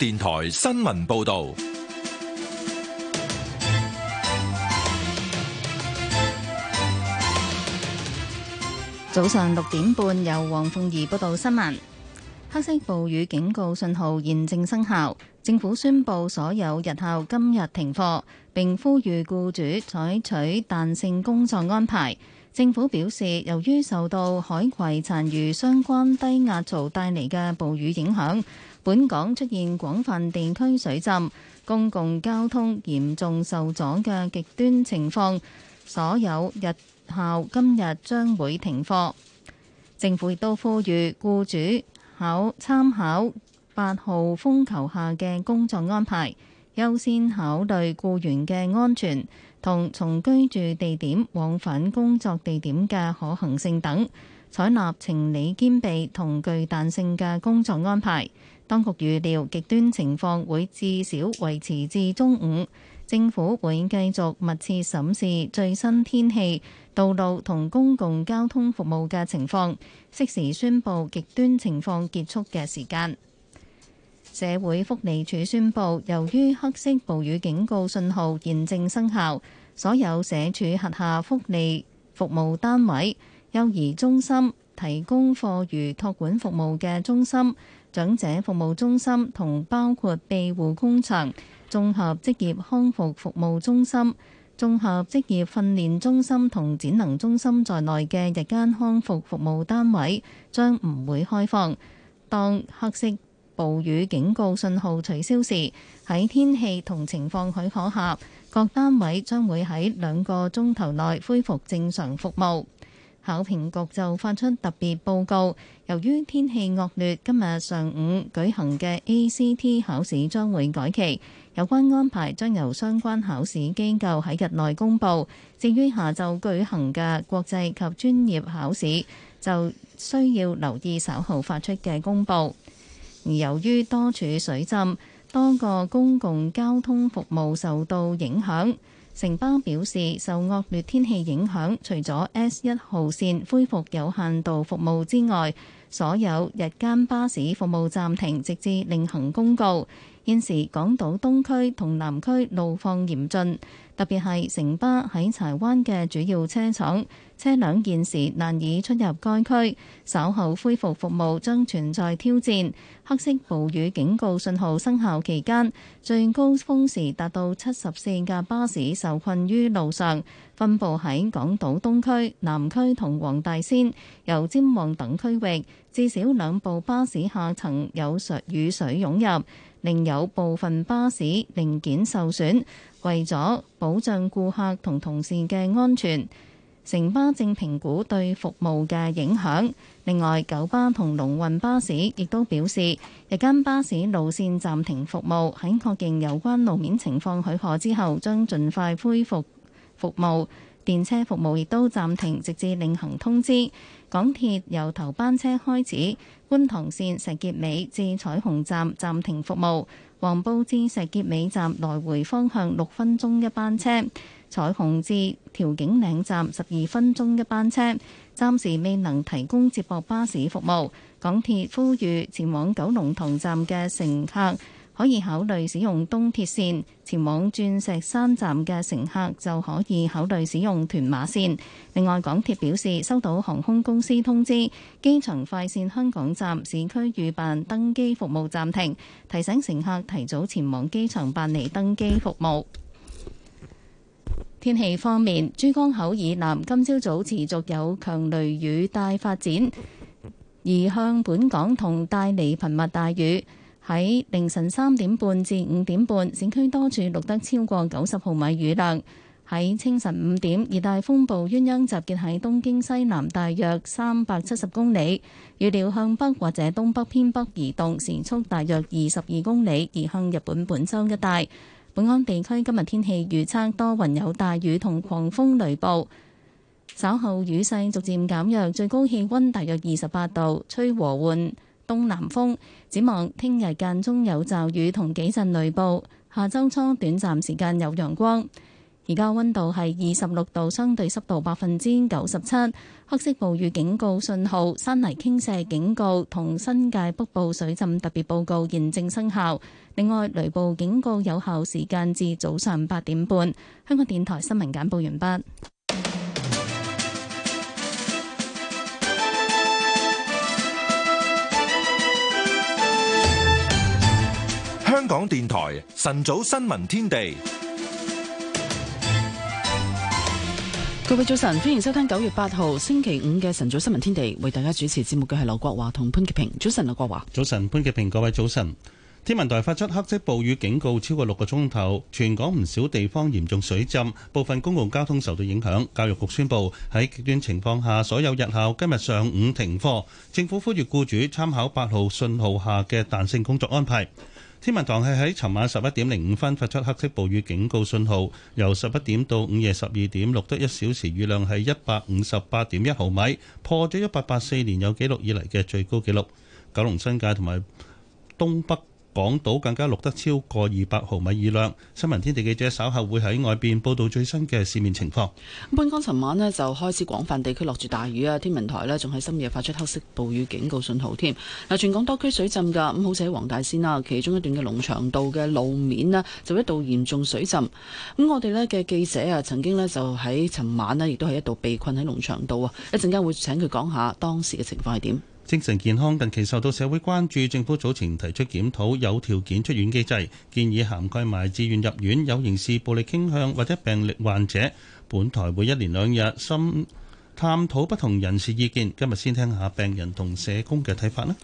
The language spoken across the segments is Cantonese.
電台新聞報道：早上六點半由王，由黃鳳儀報道新聞。黑色暴雨警告信號現正生效，政府宣布所有日校今日停課，並呼籲雇主採取彈性工作安排。政府表示，由於受到海葵殘餘相關低壓槽帶嚟嘅暴雨影響。本港出現廣泛地區水浸，公共交通嚴重受阻嘅極端情況，所有日校今日將會停課。政府亦都呼籲僱主考參考八號風球下嘅工作安排，優先考慮僱員嘅安全同從居住地點往返工作地點嘅可行性等，採納情理兼備同具彈性嘅工作安排。當局預料極端情況會至少維持至中午，政府會繼續密切審視最新天氣、道路同公共交通服務嘅情況，適時宣布極端情況結束嘅時間。社會福利署宣布，由於黑色暴雨警告信號現正生效，所有社署轄下福利服務單位、幼兒中心、提供課餘托管服務嘅中心、長者服務中心同包括庇護工場、綜合職業康復服務中心、綜合職業訓練中心同展能中心在內嘅日間康復服務單位將唔會開放。當黑色暴雨警告信號取消時，喺天氣同情況許可下，各單位將會喺兩個鐘頭內恢復正常服務。考評局就發出特別報告，由於天氣惡劣，今日上午舉行嘅 ACT 考試將會改期。有關安排將由相關考試機構喺日內公布。至於下晝舉行嘅國際及專業考試，就需要留意稍後發出嘅公布。而由於多處水浸，多個公共交通服務受到影響。城巴表示，受惡劣天氣影響，除咗 S 一號線恢復有限度服務之外，所有日間巴士服務暫停，直至另行公告。現時港島東區同南區路況嚴峻。特別係城巴喺柴灣嘅主要車廠，車輛現時難以出入該區，稍後恢復服務將存在挑戰。黑色暴雨警告信號生效期間，最高峰時達到七十四架巴士受困於路上，分佈喺港島東區、南區同黃大仙、油尖旺等區域。至少兩部巴士下層有水雨水湧入，另有部分巴士零件受損。為咗保障顧客同同事嘅安全，城巴正評估對服務嘅影響。另外，九巴同龍運巴士亦都表示，日間巴士路線暫停服務，喺確認有關路面情況許可之後，將盡快恢復服務。電車服務亦都暫停，直至另行通知。港鐵由頭班車開始，觀塘線石硤尾至彩虹站暫停服務。黃埔至石硤尾站來回方向六分鐘一班車，彩虹至調景嶺站十二分鐘一班車，暫時未能提供接駁巴士服務。港鐵呼籲前往九龍塘站嘅乘客。可以考慮使用東鐵線前往鑽石山站嘅乘客就可以考慮使用屯馬線。另外，港鐵表示收到航空公司通知，機場快線香港站市區預辦登機服務暫停，提醒乘客提早前往機場辦理登機服務。天氣方面，珠江口以南今朝早持續有強雷雨帶發展，而向本港同帶嚟頻密大雨。喺凌晨三點半至五點半，市區多處錄得超過九十毫米雨量。喺清晨五點，熱帶風暴鴛鴦集結喺東京西南大約三百七十公里，預料向北或者東北偏北移動，時速大約二十二公里，移向日本本州一帶。本港地區今日天氣預測多雲有大雨同狂風雷暴，稍後雨勢逐漸減弱，最高氣温大約二十八度，吹和緩，東南風，展望聽日間中有驟雨同幾陣雷暴。下周初短暫時間有陽光。而家溫度係二十六度，相對濕度百分之九十七。黑色暴雨警告信號、山泥傾瀉警告同新界北部水浸特別報告現正生效。另外，雷暴警告有效時間至早上八點半。香港電台新聞簡報完畢。港電台晨早新聞天地，各位早晨，歡迎收聽九月八號星期五嘅晨早新聞天地。為大家主持節目嘅係劉國華同潘潔平。早晨，劉國華。早晨，潘潔平。各位早晨。天文台發出黑色暴雨警告超過六個鐘頭，全港唔少地方嚴重水浸，部分公共交通受到影響。教育局宣佈喺極端情況下，所有日校今日上午停課。政府呼籲僱主參考八號信號下嘅彈性工作安排。天文台係喺尋晚十一點零五分發出黑色暴雨警告信號，由十一點到午夜十二點錄得一小時雨量係一百五十八點一毫米，破咗一八八四年有記錄以嚟嘅最高紀錄。九龍新界同埋東北。港島更加錄得超過二百毫米雨量。新聞天地記者稍後會喺外邊報道最新嘅市面情況。本港尋晚呢，就開始廣泛地區落住大雨啊，天文台呢，仲喺深夜發出黑色暴雨警告信號添。嗱，全港多區水浸噶，咁好似喺黃大仙啊，其中一段嘅農場道嘅路面呢，就一度嚴重水浸。咁我哋呢嘅記者啊，曾經呢，就喺尋晚呢，亦都係一度被困喺農場道啊，一陣間會請佢講下當時嘅情況係點。精神健康近期受到社會關注，政府早前提出檢討有條件出院機制，建議涵蓋埋自願入院、有刑事暴力傾向或者病歷患者。本台會一連兩日深探討不同人士意見，今日先聽下病人同社工嘅睇法啦。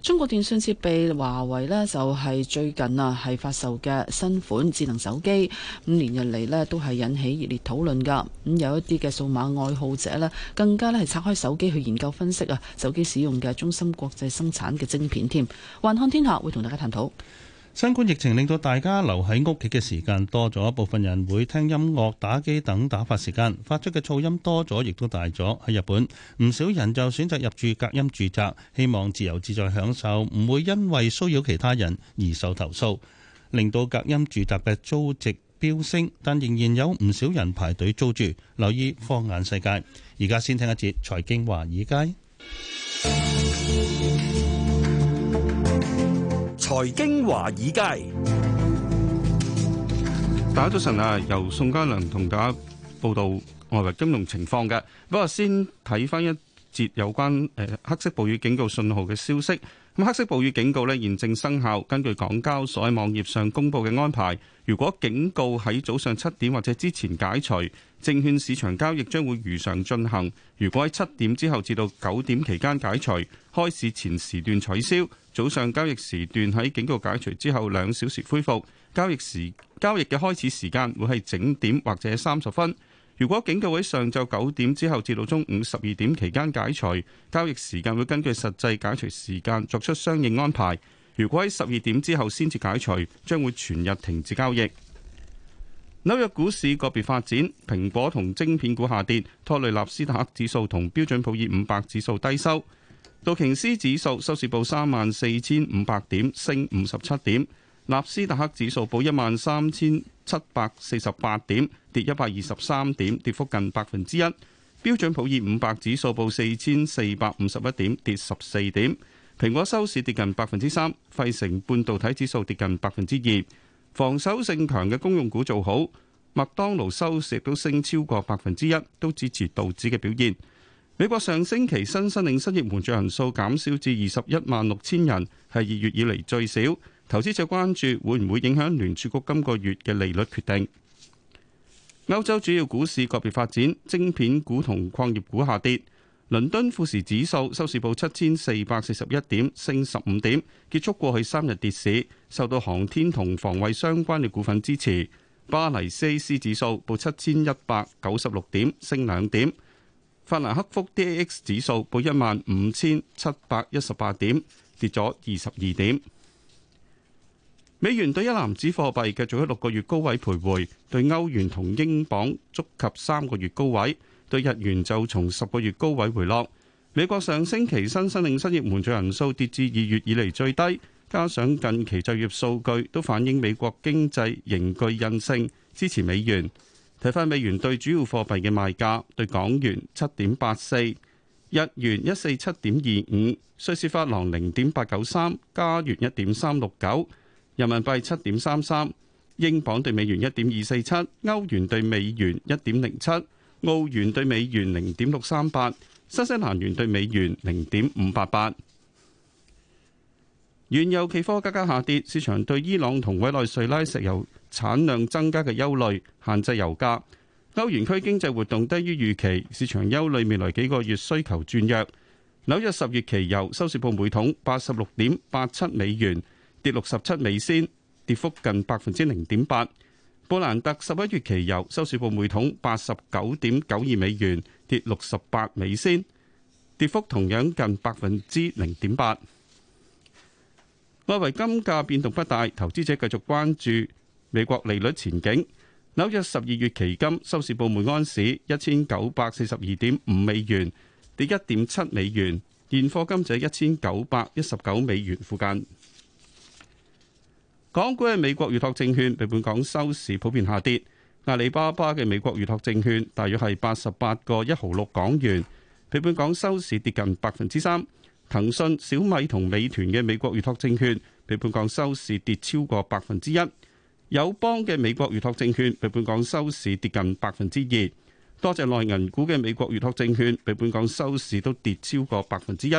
中國電信設備華為咧就係最近啊係發售嘅新款智能手機，咁連日嚟咧都係引起熱烈討論噶。咁有一啲嘅數碼愛好者咧更加咧係拆開手機去研究分析啊手機使用嘅中芯國際生產嘅晶片添。環看天下會同大家探討。新冠疫情令到大家留喺屋企嘅時間多咗，部分人會聽音樂、打機等打發時間，發出嘅噪音多咗，亦都大咗。喺日本，唔少人就選擇入住隔音住宅，希望自由自在享受，唔會因為騷擾其他人而受投訴，令到隔音住宅嘅租值飆升，但仍然有唔少人排隊租住。留意放眼世界，而家先聽一節財經華爾街。財經華爾街，大家早晨啊！由宋家良同大家報道外圍金融情況嘅。不過先睇翻一節有關誒、呃、黑色暴雨警告信號嘅消息。咁黑色暴雨警告呢現正生效。根據港交所喺網頁上公布嘅安排，如果警告喺早上七點或者之前解除，證券市場交易將會如常進行。如果喺七點之後至到九點期間解除，開市前時段取消。早上交易時段喺警告解除之後兩小時恢復，交易時交易嘅開始時間會係整點或者三十分。如果警告喺上晝九點之後至到中午十二點期間解除，交易時間會根據實際解除時間作出相應安排。如果喺十二點之後先至解除，將會全日停止交易。紐約股市個別發展，蘋果同晶片股下跌，拖累納斯達克指數同標準普爾五百指數低收。道瓊斯指數收市報三萬四千五百點，升五十七點；納斯達克指數報一萬三千七百四十八點，跌一百二十三點，跌幅近百分之一。標準普爾五百指數報四千四百五十一點，跌十四點。蘋果收市跌近百分之三，費城半導體指數跌近百分之二。防守性強嘅公用股做好，麥當勞收市都升超過百分之一，都支持道指嘅表現。美國上星期新申領失業援助人數減少至二十一萬六千人，係二月以嚟最少。投資者關注會唔會影響聯儲局今個月嘅利率決定。歐洲主要股市個別發展，晶片股同礦業股下跌。倫敦富時指數收市報七千四百四十一點，升十五點，結束過去三日跌市，受到航天同防衛相關嘅股份支持。巴黎 CAC 指數報七千一百九十六點，升兩點。法蘭克福 DAX 指數報一萬五千七百一十八點，跌咗二十二點。美元對一籃子貨幣繼續喺六個月高位徘徊，對歐元同英鎊觸及三個月高位，對日元就從十個月高位回落。美國上星期新申領失業援助人數跌至二月以嚟最低，加上近期就業數據都反映美國經濟仍具韌性，支持美元。睇翻美元對主要貨幣嘅賣價，對港元七點八四，日元一四七點二五，瑞士法郎零點八九三，加元一點三六九，人民幣七點三三，英鎊對美元一點二四七，歐元對美元一點零七，澳元對美元零點六三八，新西蘭元對美元零點五八八。原油期貨價格下跌，市場對伊朗同委內瑞拉石油產量增加嘅憂慮，限制油價。歐元區經濟活動低於預期，市場憂慮未來幾個月需求轉弱。紐約十月期油收市報每桶八十六點八七美元，跌六十七美仙，跌幅近百分之零點八。布蘭特十一月期油收市報每桶八十九點九二美元，跌六十八美仙，跌幅同樣近百分之零點八。外圍金價變動不大，投資者繼續關注。美國利率前景，紐約十二月期金收市報每安士一千九百四十二點五美元，跌一點七美元，現貨金就一千九百一十九美元附近。港股嘅美國預託證券被本港收市普遍下跌，阿里巴巴嘅美國預託證券大約係八十八個一毫六港元，被本港收市跌近百分之三。騰訊、小米同美團嘅美國預託證券被本港收市跌超過百分之一。友邦嘅美國預託證券比本港收市跌近百分之二，多謝內銀股嘅美國預託證券比本港收市都跌超過百分之一。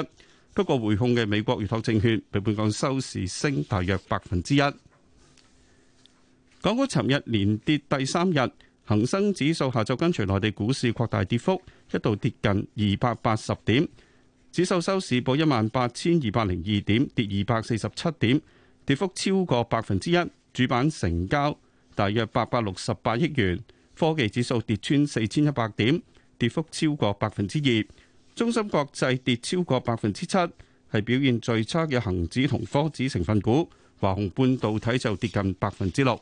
不過匯控嘅美國預託證券比本港收市升大約百分之一。港股尋日連跌第三日，恒生指數下晝跟隨內地股市擴大跌幅，一度跌近二百八十點，指數收市報一萬八千二百零二點，跌二百四十七點，跌幅超過百分之一。主板成交大約八百六十八億元，科技指數跌穿四千一百點，跌幅超過百分之二。中芯國際跌超過百分之七，係表現最差嘅恒指同科指成分股。華虹半導體就跌近百分之六。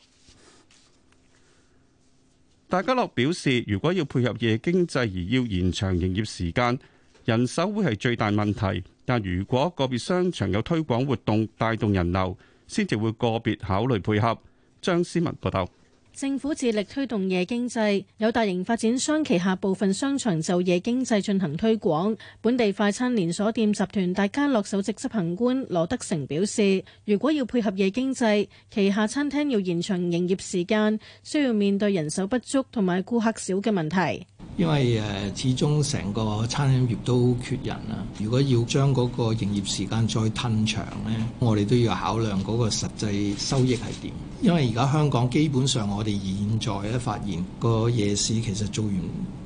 大家樂表示，如果要配合夜經濟而要延長營業時間，人手會係最大問題。但如果個別商場有推廣活動，帶動人流。先至會個別考慮配合。張思文報道。政府致力推動夜經濟，有大型發展商旗下部分商場就夜經濟進行推廣。本地快餐連鎖店集團大家樂首席執行官羅德成表示，如果要配合夜經濟，旗下餐廳要延長營業時間，需要面對人手不足同埋顧客少嘅問題。因為誒，始終成個餐飲業都缺人啊。如果要將嗰個營業時間再吞長呢，我哋都要考量嗰個實際收益係點。因為而家香港基本上我。我哋現在咧發現個夜市其實做完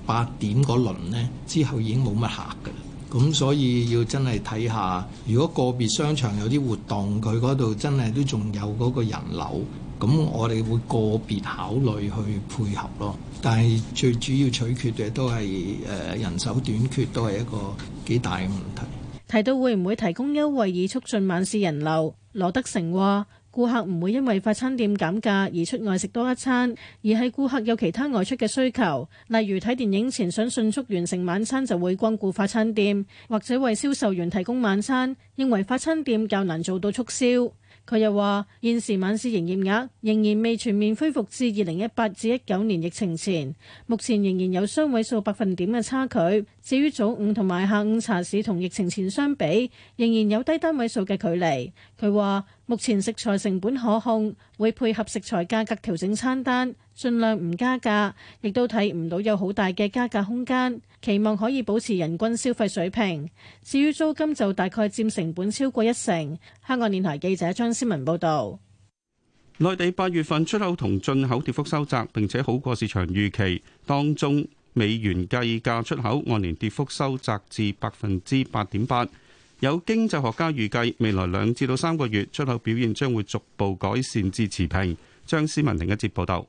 八點嗰輪呢之後已經冇乜客㗎喇，咁所以要真係睇下，如果個別商場有啲活動，佢嗰度真係都仲有嗰個人流，咁我哋會個別考慮去配合咯。但係最主要取決嘅都係誒、呃、人手短缺，都係一個幾大嘅問題。提到會唔會提供優惠以促進晚市人流，羅德成話。顧客唔會因為快餐店減價而出外食多一餐，而係顧客有其他外出嘅需求，例如睇電影前想迅速完成晚餐，就會光顧快餐店，或者為銷售員提供晚餐，認為快餐店較難做到促銷。佢又話：現時晚市營業額仍然未全面恢復至二零一八至一九年疫情前，目前仍然有雙位數百分點嘅差距。至於早午同埋下午茶市同疫情前相比，仍然有低單位數嘅距離。佢話：目前食材成本可控，會配合食材價格調整餐單。盡量唔加價，亦都睇唔到有好大嘅加價空間，期望可以保持人均消費水平。至於租金就大概佔成本超過一成。香港電台記者張思文報道，內地八月份出口同進口跌幅收窄，並且好過市場預期。當中美元計價出口按年跌幅收窄至百分之八點八。有經濟學家預計未來兩至到三個月出口表現將會逐步改善至持平。張思文另一節報道。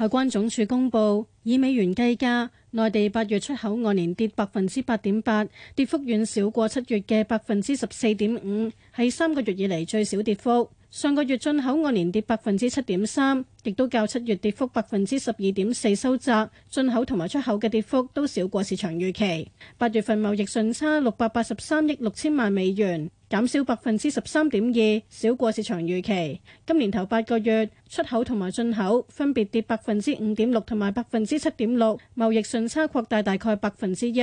海關總署公布，以美元計價，內地八月出口按年跌百分之八點八，跌幅遠少過七月嘅百分之十四點五，係三個月以嚟最少跌幅。上個月進口按年跌百分之七點三，亦都較七月跌幅百分之十二點四收窄。進口同埋出口嘅跌幅都少過市場預期。八月份貿易順差六百八十三億六千萬美元。減少百分之十三點二，少過市場預期。今年頭八個月出口同埋進口分別跌百分之五點六同埋百分之七點六，貿易順差擴大大概百分之一。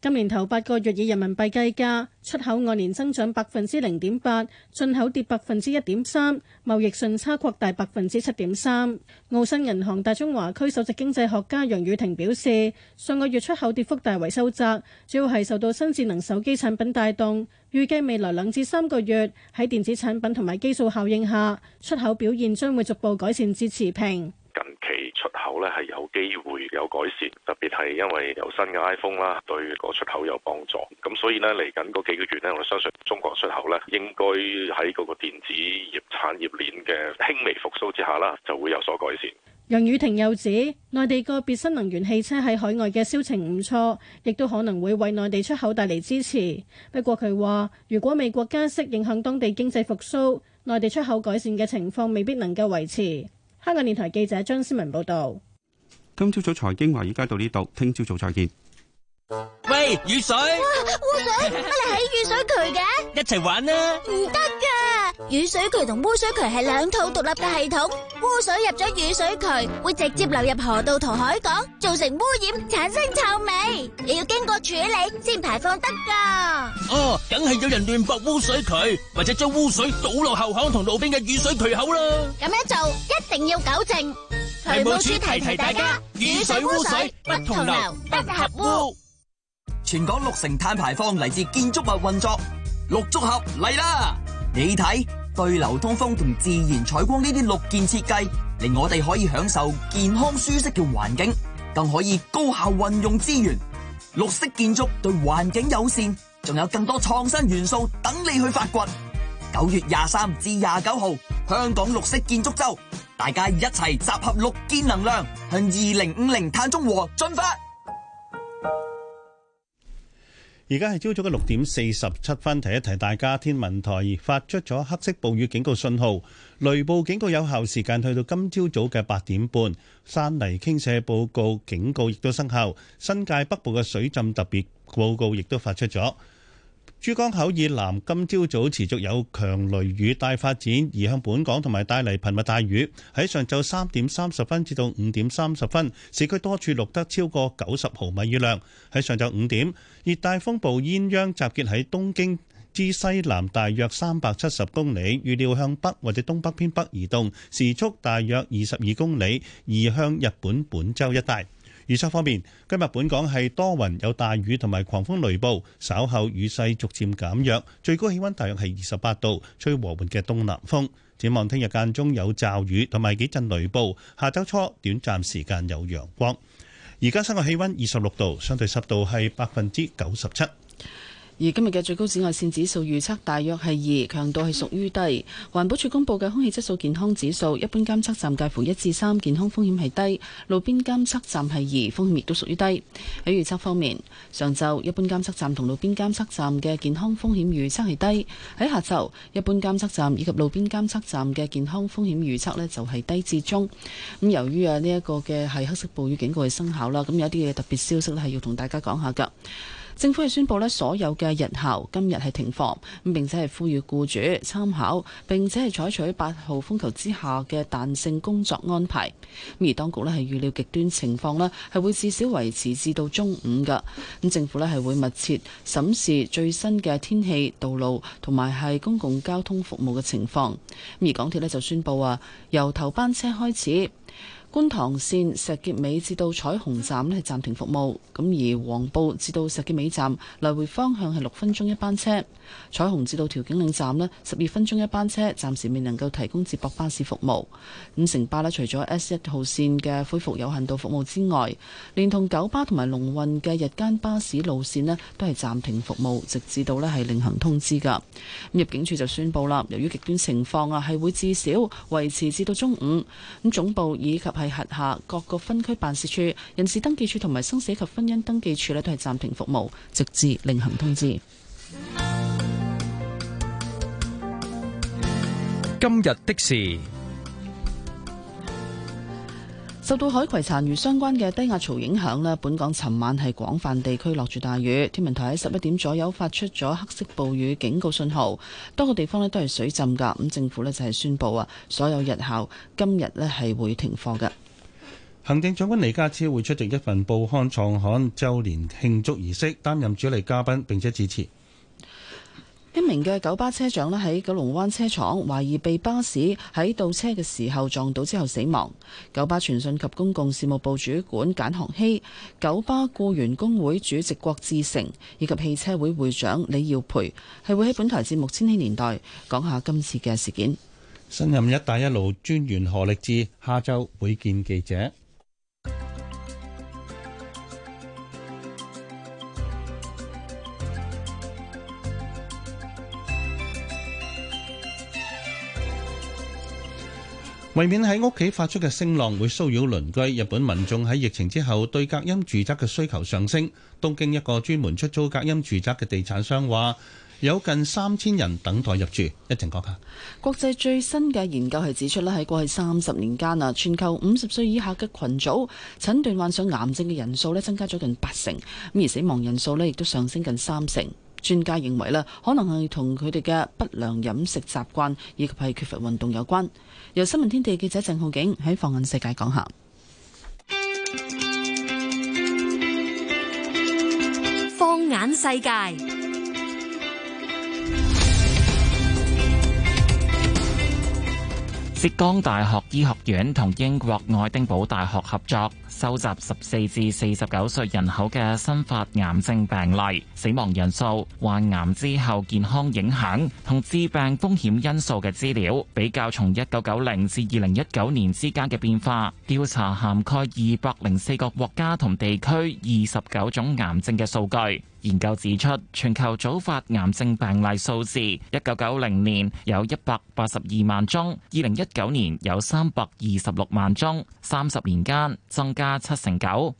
今年頭八個月以人民幣計價，出口按年增長百分之零點八，進口跌百分之一點三，貿易順差擴大百分之七點三。澳新銀行大中華區首席經濟學家楊宇霆表示，上個月出口跌幅大為收窄，主要係受到新智能手機產品帶動。預計未來兩至三個月喺電子產品同埋基數效應下，出口表現將會逐步改善至持平。近期出口咧係有機會有改善，特別係因為有新嘅 iPhone 啦，對個出口有幫助。咁所以呢，嚟緊嗰幾個月呢，我相信中國出口呢應該喺嗰個電子業產業鏈嘅輕微復甦之下啦，就會有所改善。楊宇霆又指，內地個別新能源汽車喺海外嘅銷情唔錯，亦都可能會為內地出口帶嚟支持。不過佢話，如果美國加息影響當地經濟復蘇，內地出口改善嘅情況未必能夠維持。香港電台記者張思文報道。今朝早財經華爾街到呢度，聽朝早再見。喂，雨水，污水，乜你喺雨水渠嘅？ 一齊玩吖，唔得㗎。雨水渠同污水渠係兩套獨立嘅系統污水入咗雨水渠,會直接流入河道同海港,造成污染產生臭味。你要經過處理,先排放得㗎。呃,梗係有人亂駁污水渠,或者將污水倒落後巷同路邊嘅雨水渠口啦。噉樣做,一定要糾正。水務署提提大家。你睇對流通風同自然採光呢啲綠建設計，令我哋可以享受健康舒適嘅環境，更可以高效運用資源。綠色建築對環境友善，仲有更多創新元素等你去發掘。九月廿三至廿九號，香港綠色建築周，大家一齊集合綠建能量，向二零五零碳中和進發。而家係朝早嘅六點四十七分，提一提大家，天文台發出咗黑色暴雨警告信號，雷暴警告有效時間去到今朝早嘅八點半，山泥傾瀉報告警告亦都生效，新界北部嘅水浸特別報告亦都發出咗。珠江口以南今朝早，早持續有強雷雨大發展，移向本港同埋帶嚟頻密大雨。喺上晝三點三十分至到五點三十分，市區多處錄得超過九十毫米雨量。喺上晝五點熱帶風暴鴛鴦集結喺東京之西南，大約三百七十公里，預料向北或者東北偏北移動，時速大約二十二公里，移向日本本州一帶。預測方面，今日本港係多雲有大雨同埋狂風雷暴，稍後雨勢逐漸減弱，最高氣溫大約係二十八度，吹和緩嘅東南風。展望聽日間中有驟雨同埋幾陣雷暴，下周初短暫時間有陽光。而家室外氣溫二十六度，相對濕度係百分之九十七。而今日嘅最高紫外線指數預測大約係二，強度係屬於低。環保署公布嘅空氣質素健康指數，一般監測站介乎一至三，健康風險係低；路邊監測站係二，風險亦都屬於低。喺預測方面，上晝一般監測站同路邊監測站嘅健康風險預測係低；喺下晝，一般監測站以及路邊監測站嘅健康風險預測呢就係低至中。咁由於啊呢一個嘅係黑色暴雨警告嘅生效啦，咁有啲嘢特別消息呢係要同大家講下㗎。政府係宣布呢，所有嘅日校今日係停課，咁並且係呼籲僱主參考，並且係採取八號風球之下嘅彈性工作安排。而當局呢係預料極端情況呢，係會至少維持至到中午噶，咁政府呢係會密切審視最新嘅天氣道路同埋係公共交通服務嘅情況，而港鐵呢就宣布啊，由頭班車開始。觀塘線石硤尾至到彩虹站咧，係暫停服務，咁而黃埔至到石硤尾站來回方向係六分鐘一班車，彩虹至到調景嶺站呢，十二分鐘一班車，暫時未能夠提供接駁巴士服務。五城巴呢，除咗 S 一號線嘅恢復有限度服務之外，連同九巴同埋龍運嘅日間巴士路線呢，都係暫停服務，直至到呢係另行通知㗎。入境處就宣布啦，由於極端情況啊係會至少維持至到中午，咁總部以及係轄下各個分區辦事處、人事登記處同埋生死及婚姻登記處呢，都係暫停服務，直至另行通知。今日的事。受到海葵殘餘相關嘅低壓槽影響呢，本港尋晚係廣泛地區落住大雨，天文台喺十一點左右發出咗黑色暴雨警告信號，多個地方呢都係水浸噶。咁政府呢就係宣布啊，所有日校今日呢係會停課嘅。行政長官李家超會出席一份報刊創刊週年慶祝儀式，擔任主禮嘉賓並且致辭。一名嘅九巴車長咧喺九龍灣車廠懷疑被巴士喺倒車嘅時候撞到之後死亡。九巴傳訊及公共事務部主管簡學希、九巴雇員工會主席郭志成以及汽車會會長李耀培係會喺本台節目《千禧年代》講下今次嘅事件。新任一帶一路專員何力志下周會見記者。為免喺屋企發出嘅聲浪會騷擾鄰居，日本民眾喺疫情之後對隔音住宅嘅需求上升。東京一個專門出租隔音住宅嘅地產商話，有近三千人等待入住。一陣講下國際最新嘅研究係指出呢，喺過去三十年間啊，全球五十歲以下嘅群組診斷患上癌症嘅人數呢增加咗近八成，咁而死亡人數呢亦都上升近三成。專家認為呢，可能係同佢哋嘅不良飲食習慣以及係缺乏運動有關。由新聞天地記者鄭浩景喺放眼世界講下，放眼世界。浙江大學醫學院同英國愛丁堡大學合作，收集十四至四十九歲人口嘅新發癌症病例，死亡人數、患癌之後健康影響同致病風險因素嘅資料，比較從一九九零至二零一九年之間嘅變化。調查涵蓋二百零四個國家同地區，二十九種癌症嘅數據。研究指出，全球早發癌症病例數字，一九九零年有一百八十二萬宗，二零一九年有三百二十六萬宗，三十年間增加七成九。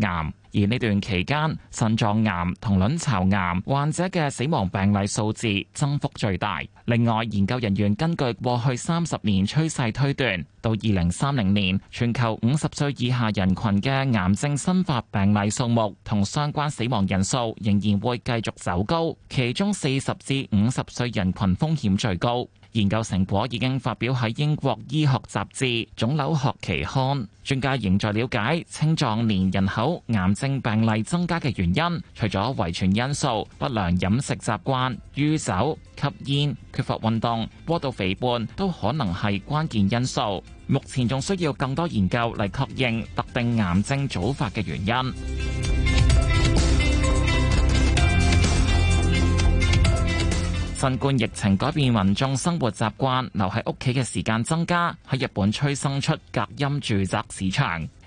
癌而呢段期間，腎臟癌同卵巢癌患者嘅死亡病例數字增幅最大。另外，研究人員根據過去三十年趨勢推斷，到二零三零年，全球五十歲以下人群嘅癌症新發病例數目同相關死亡人數仍然會繼續走高，其中四十至五十歲人群風險最高。研究成果已經發表喺英國醫學雜誌《腫瘤學期刊》，專家仍在了解青壯年人口癌症病例增加嘅原因。除咗遺傳因素、不良飲食習慣、酗酒、吸煙、缺乏運動、過度肥胖，都可能係關鍵因素。目前仲需要更多研究嚟確認特定癌症早發嘅原因。新冠疫情改變民眾生活習慣，留喺屋企嘅時間增加，喺日本催生出隔音住宅市場。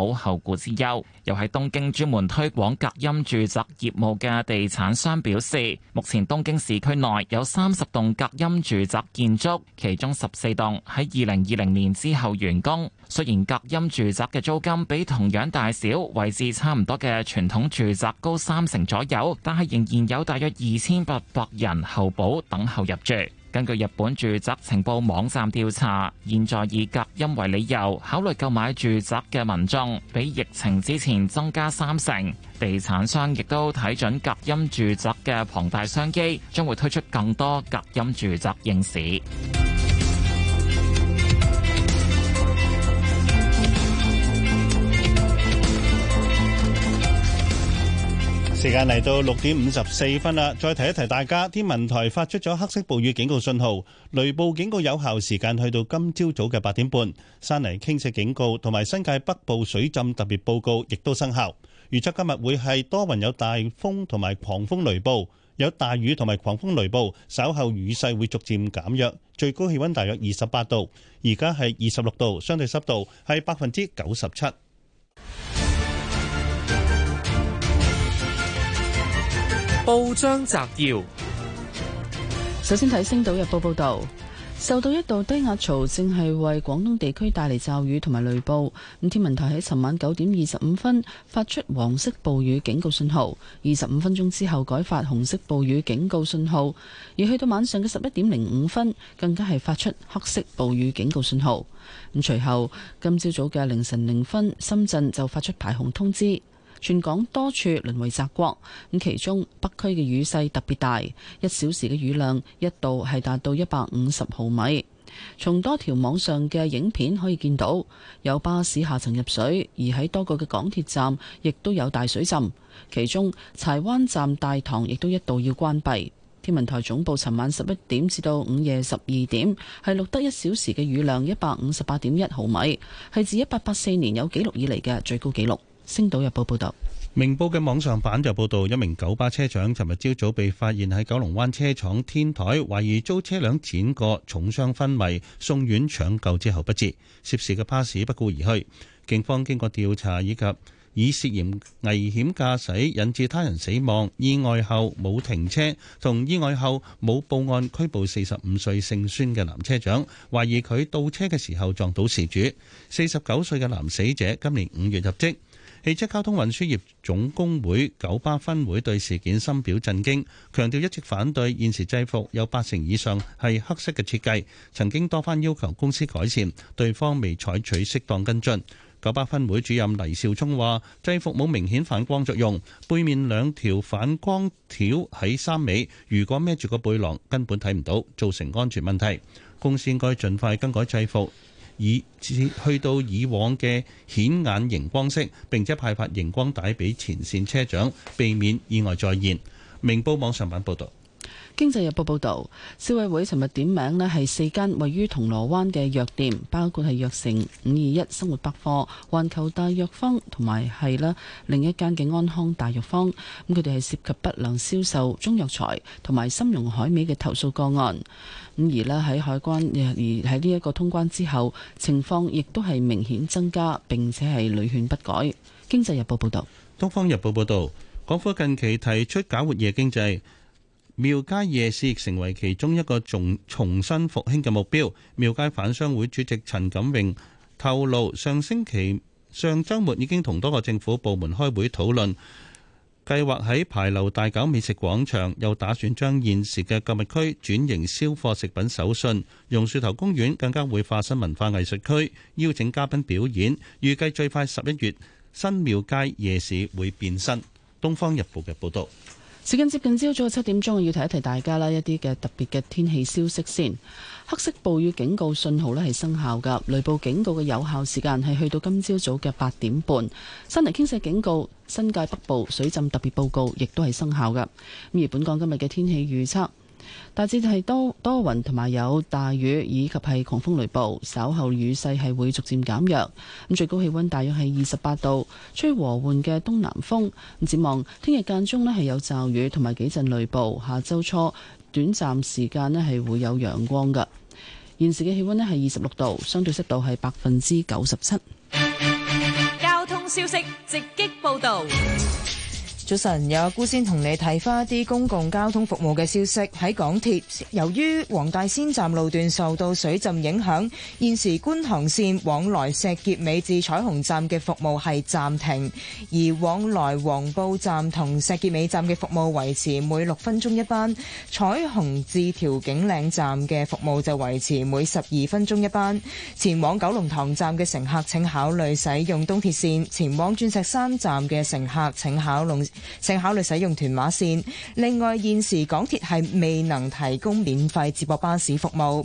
冇後顧之憂。又喺東京專門推廣隔音住宅業務嘅地產商表示，目前東京市區內有三十棟隔音住宅建築，其中十四棟喺二零二零年之後完工。雖然隔音住宅嘅租金比同樣大小、位置差唔多嘅傳統住宅高三成左右，但係仍然有大約二千八百人候補等候入住。根據日本住宅情報網站調查，現在以隔音為理由考慮購買住宅嘅民眾，比疫情之前增加三成。地產商亦都睇準隔音住宅嘅龐大商機，將會推出更多隔音住宅應市。時間嚟到六點五十四分啦，再提一提大家，天文台發出咗黑色暴雨警告信號，雷暴警告有效時間去到今朝早嘅八點半，山泥傾瀉警告同埋新界北部水浸特別報告亦都生效。預測今日會係多雲有大風同埋狂風雷暴，有大雨同埋狂風雷暴，稍後雨勢會逐漸減弱，最高氣溫大約二十八度，而家係二十六度，相對濕度係百分之九十七。報章摘要：首先睇《星島日報》報道，受到一度低壓槽正係為廣東地區帶嚟驟雨同埋雷暴。咁天文台喺尋晚九點二十五分發出黃色暴雨警告信號，二十五分鐘之後改發紅色暴雨警告信號，而去到晚上嘅十一點零五分，更加係發出黑色暴雨警告信號。咁隨後今朝早嘅凌晨零分，深圳就發出排洪通知。全港多處淪為澤國，咁其中北區嘅雨勢特別大，一小時嘅雨量一度係達到一百五十毫米。從多條網上嘅影片可以見到，有巴士下層入水，而喺多個嘅港鐵站亦都有大水浸。其中柴灣站大堂亦都一度要關閉。天文台總部尋晚十一點至到午夜十二點係錄得一小時嘅雨量一百五十八點一毫米，係自一八八四年有記錄以嚟嘅最高紀錄。星島日報報道，明報嘅網上版就報道一名九巴車長，尋日朝早被發現喺九龍灣車廠天台，懷疑遭車輛輾過重傷昏迷，送院搶救之後不治。涉事嘅巴士不顧而去，警方經過調查以及以涉嫌危險駕駛引致他人死亡意外後冇停車，同意外後冇報案，拘捕四十五歲姓孫嘅男車長，懷疑佢倒車嘅時候撞到事主。四十九歲嘅男死者今年五月入職。汽車交通運輸業總工會九巴分會對事件深表震驚，強調一直反對現時制服有八成以上係黑色嘅設計，曾經多番要求公司改善，對方未採取適當跟進。九巴分會主任黎少聰話：制服冇明顯反光作用，背面兩條反光條喺衫尾，如果孭住個背囊根本睇唔到，造成安全問題。公司應該盡快更改制服。以至去到以往嘅顯眼熒光色，並且派發熒光帶俾前線車長，避免意外再現。明報網上版報道。經濟日報報道，消委會尋日點名呢，係四間位於銅鑼灣嘅藥店，包括係藥城、五二一生活百貨、環球大藥方同埋係啦另一間嘅安康大藥方。咁佢哋係涉及不良銷售中藥材同埋參茸海味嘅投訴個案。咁而呢喺海關，而喺呢一個通關之後，情況亦都係明顯增加，並且係屢勸不改。經濟日報報導，東方日報報導，港府近期提出搞活夜經濟，廟街夜市亦成為其中一個重重新復興嘅目標。廟街販商會主席陳錦榮透露，上星期上週末已經同多個政府部門開會討論。計劃喺牌樓大搞美食廣場，又打算將現時嘅購物區轉型消貨食品手信，榕樹頭公園更加會化身文化藝術區，邀請嘉賓表演。預計最快十一月，新廟街夜市會變身。《東方日報》嘅報道。時間接近朝早嘅七點鐘，我要提一提大家啦，一啲嘅特別嘅天氣消息先。黑色暴雨警告信號呢係生效噶，雷暴警告嘅有效時間係去到今朝早嘅八點半。山泥傾瀉警告、新界北部水浸特別報告亦都係生效噶。咁而本港今日嘅天氣預測。大致係多多雲同埋有大雨，以及係狂風雷暴。稍後雨勢係會逐漸減弱。咁最高氣溫大約係二十八度，吹和緩嘅東南風。咁展望聽日間中咧係有驟雨同埋幾陣雷暴。下周初短暫時間咧係會有陽光嘅。現時嘅氣溫咧係二十六度，相對濕度係百分之九十七。交通消息，直擊報道。早晨，有姑先同你睇翻一啲公共交通服務嘅消息。喺港鐵，由於黃大仙站路段受到水浸影響，現時觀塘線往來石硤尾至彩虹站嘅服務係暫停，而往來黃埔站同石硤尾站嘅服務維持每六分鐘一班；彩虹至調景嶺站嘅服務就維持每十二分鐘一班。前往九龍塘站嘅乘客請考慮使用東鐵線；前往鑽石山站嘅乘客請考慮。正考慮使用屯馬線。另外，現時港鐵係未能提供免費接駁巴士服務。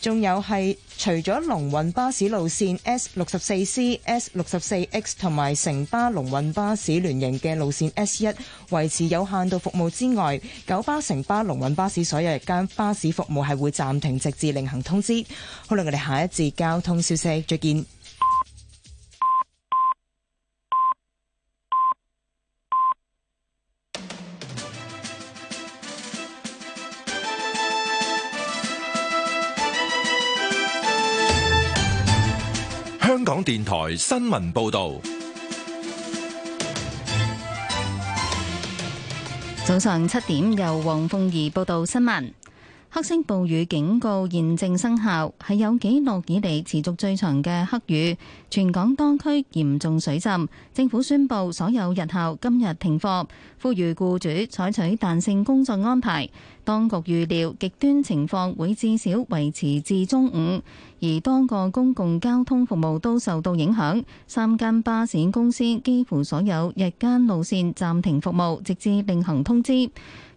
仲有係除咗龍運巴士路線 S 六十四 C、S 六十四 X 同埋城巴龍運巴士聯營嘅路線 S 一維持有限度服務之外，九巴、城巴、龍運巴士所有日間巴士服務係會暫停，直至另行通知。好啦，我哋下一節交通消息，再見。香港電台新聞報道，早上七時由黃鳳儀報道新聞。黑色暴雨警告現正生效，係有紀錄以嚟持續最長嘅黑雨，全港多區嚴重水浸，政府宣布所有日校今日停課，呼籲僱主採取彈性工作安排。當局預料極端情況會至少維持至中午，而多個公共交通服務都受到影響，三間巴士公司幾乎所有日間路線暫停服務，直至另行通知。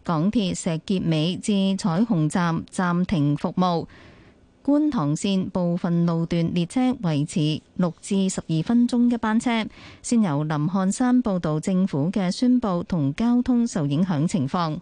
港鐵石硤尾至彩虹站暫停服務，觀塘線部分路段列車維持六至十二分鐘一班車。先由林漢山報道政府嘅宣佈同交通受影響情況。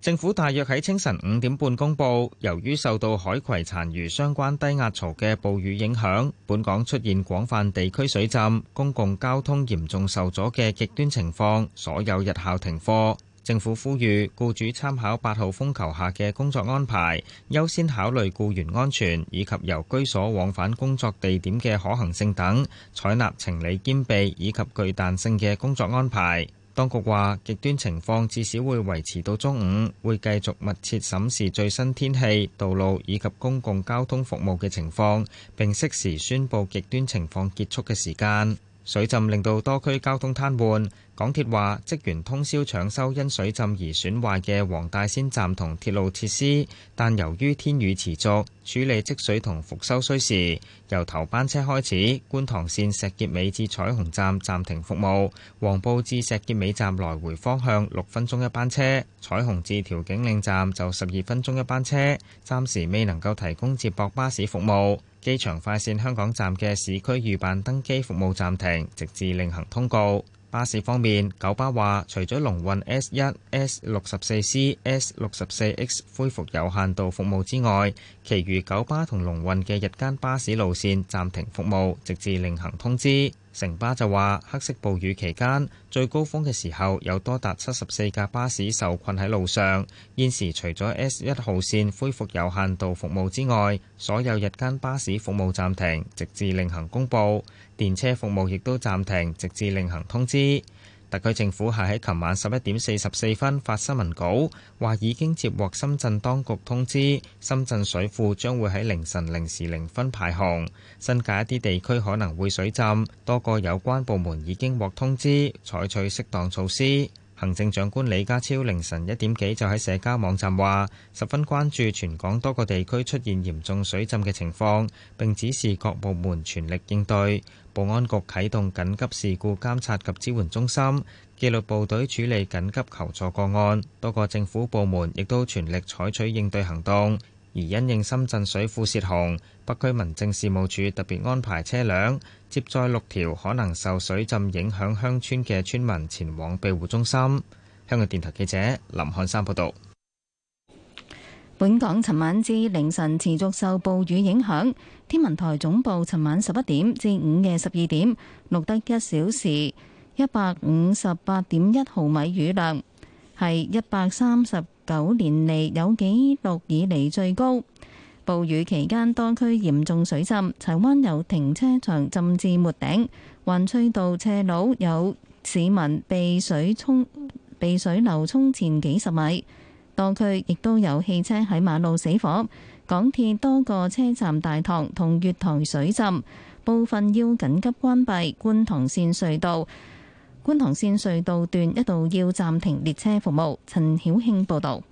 政府大約喺清晨五點半公佈，由於受到海葵殘餘相關低壓槽嘅暴雨影響，本港出現廣泛地區水浸，公共交通嚴重受阻嘅極端情況，所有日校停課。政府呼籲僱主參考八號風球下嘅工作安排，優先考慮僱員安全以及由居所往返工作地點嘅可行性等，採納情理兼備以及具彈性嘅工作安排。當局話，極端情況至少會維持到中午，會繼續密切審視最新天氣、道路以及公共交通服務嘅情況，並適時宣佈極端情況結束嘅時間。水浸令到多區交通癱瘓。港鐵話，職員通宵搶修因水浸而損壞嘅黃大仙站同鐵路設施，但由於天雨持續，處理積水同復修需時。由頭班車開始，觀塘線石硤尾至彩虹站暫停服務，黃埔至石硤尾站來回方向六分鐘一班車，彩虹至調景嶺站就十二分鐘一班車。暫時未能夠提供接駁巴士服務。機場快線香港站嘅市區預辦登機服務暫停，直至另行通告。巴士方面，九巴話，除咗龍運 S 一、S 六十四 C、S 六十四 X 恢復有限度服務之外，其餘九巴同龍運嘅日間巴士路線暫停服務，直至另行通知。城巴就話，黑色暴雨期間最高峰嘅時候有多達七十四架巴士受困喺路上，現時除咗 S 一號線恢復有限度服務之外，所有日間巴士服務暫停，直至另行公佈。電車服務亦都暫停，直至另行通知。特區政府係喺琴晚十一點四十四分發新聞稿，話已經接獲深圳當局通知，深圳水庫將會喺凌晨零時零分排洪。新界一啲地區可能會水浸，多個有關部門已經獲通知採取適當措施。行政長官李家超凌晨一點幾就喺社交網站話，十分關注全港多個地區出現嚴重水浸嘅情況，並指示各部門全力應對。保安局啟動緊急事故監察及支援中心，紀律部隊處理緊急求助個案，多個政府部門亦都全力採取應對行動。而因應深圳水庫泄洪，北區民政事務處特別安排車輛接載六條可能受水浸影響鄉村嘅村民前往庇護中心。香港電台記者林漢山報道。本港尋晚至凌晨持續受暴雨影響，天文台總部尋晚十一點至午夜十二點錄得一小時一百五十八點一毫米雨量，係一百三十九年嚟有記錄以嚟最高。暴雨期間，多區嚴重水浸，柴灣有停車場浸至沒頂，環翠道斜路有市民被水沖被水流沖前幾十米。多區亦都有汽車喺馬路死火，港鐵多個車站大堂同月台水浸，部分要緊急關閉觀塘線隧道。觀塘線隧道段一度要暫停列車服務。陳曉慶報導。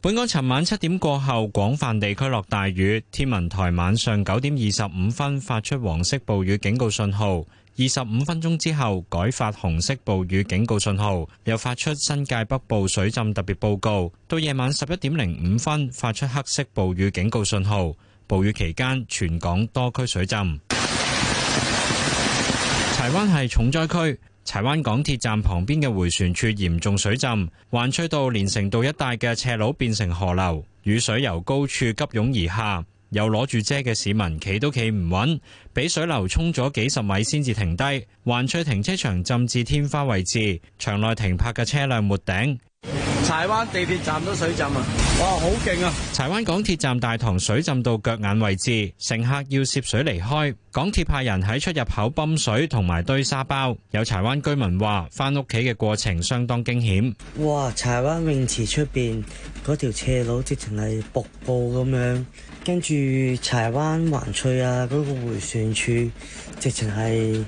本港尋晚七點過後，廣泛地區落大雨，天文台晚上九點二十五分發出黃色暴雨警告信號。二十五分鐘之後改發紅色暴雨警告信號，又發出新界北部水浸特別報告。到夜晚十一點零五分發出黑色暴雨警告信號。暴雨期間，全港多區水浸。 柴灣係重災區，柴灣港鐵站旁邊嘅回旋處嚴重水浸，環翠道連城道一帶嘅斜路變成河流，雨水由高處急湧而下。有攞住遮嘅市民企都企唔穩，俾水流沖咗幾十米先至停低。環翠停車場浸至天花位置，場內停泊嘅車輛沒頂。柴灣地鐵站都水浸啊！哇，好勁啊！柴灣港鐵站大堂水浸到腳眼位置，乘客要涉水離開。港鐵派人喺出入口泵水同埋堆沙包。有柴灣居民話，翻屋企嘅過程相當驚險。哇！柴灣泳池出邊嗰條斜路直情係瀑布咁樣。跟住柴灣環翠啊，嗰個回旋處直情係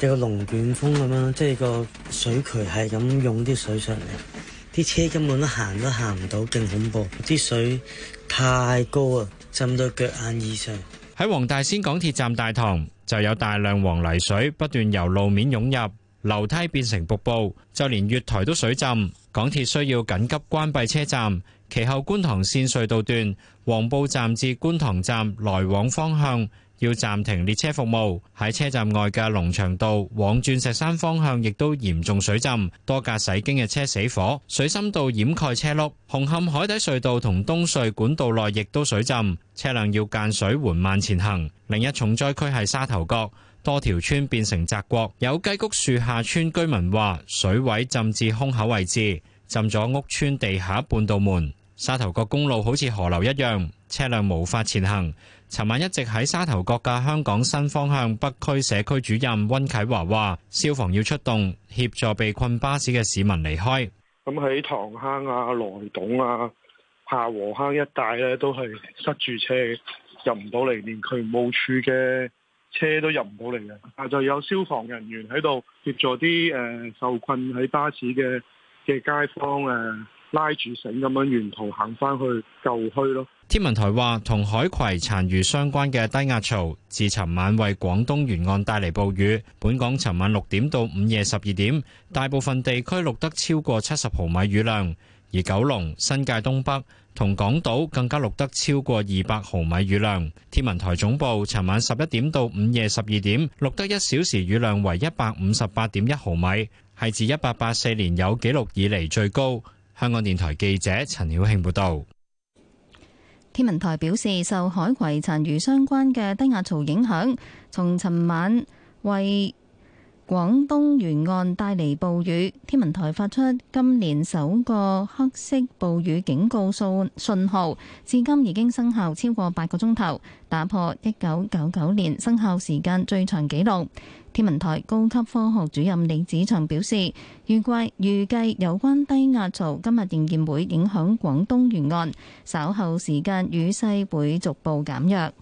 有個龍捲風咁樣，即係個水渠係咁湧啲水上嚟，啲車根本都行都行唔到，勁恐怖！啲水太高啊，浸到腳眼以上。喺黃大仙港鐵站大堂就有大量黃泥水不斷由路面湧入，樓梯變成瀑布，就連月台都水浸，港鐵需要緊急關閉車站。其後，觀塘線隧道段黃埔站至觀塘站來往方向要暫停列車服務。喺車站外嘅龍翔道往鑽石山方向亦都嚴重水浸，多架駛經嘅車死火，水深度掩蓋車轆。紅磡海底隧道同東隧管道內亦都水浸，車輛要間水緩慢前行。另一重災區係沙頭角，多條村變成澤國，有雞谷樹下村居民話，水位浸至胸口位置，浸咗屋村地下半道門。沙頭角公路好似河流一樣，車輛無法前行。尋晚一直喺沙頭角嘅香港新方向北區社區主任溫啟華話，消防要出動協助被困巴士嘅市民離開。咁喺塘坑啊、來洞啊、下禾坑一帶咧，都係塞住車，入唔到嚟，連渠務處嘅車都入唔到嚟嘅。但就有消防人員喺度協助啲誒、呃、受困喺巴士嘅嘅街坊啊。拉住繩咁樣沿途行翻去舊墟。咯，天文台話，同海葵殘餘相關嘅低壓槽，自尋晚為廣東沿岸帶嚟暴雨。本港尋晚六點到午夜十二點，大部分地區錄得超過七十毫米雨量，而九龍、新界東北同港島更加錄得超過二百毫米雨量。天文台總部尋晚十一點到午夜十二點，錄得一小時雨量為一百五十八點一毫米，係自一八八四年有紀錄以嚟最高。香港電台記者陳曉慶報道，天文台表示，受海葵殘餘相關嘅低壓槽影響，從尋晚為廣東沿岸帶嚟暴雨，天文台發出今年首個黑色暴雨警告信信號，至今已經生效超過八個鐘頭，打破一九九九年生效時間最長紀錄。天文台高級科學主任李子祥表示，預計預計有關低壓槽今日仍然會影響廣東沿岸，稍後時間雨勢會逐步減弱。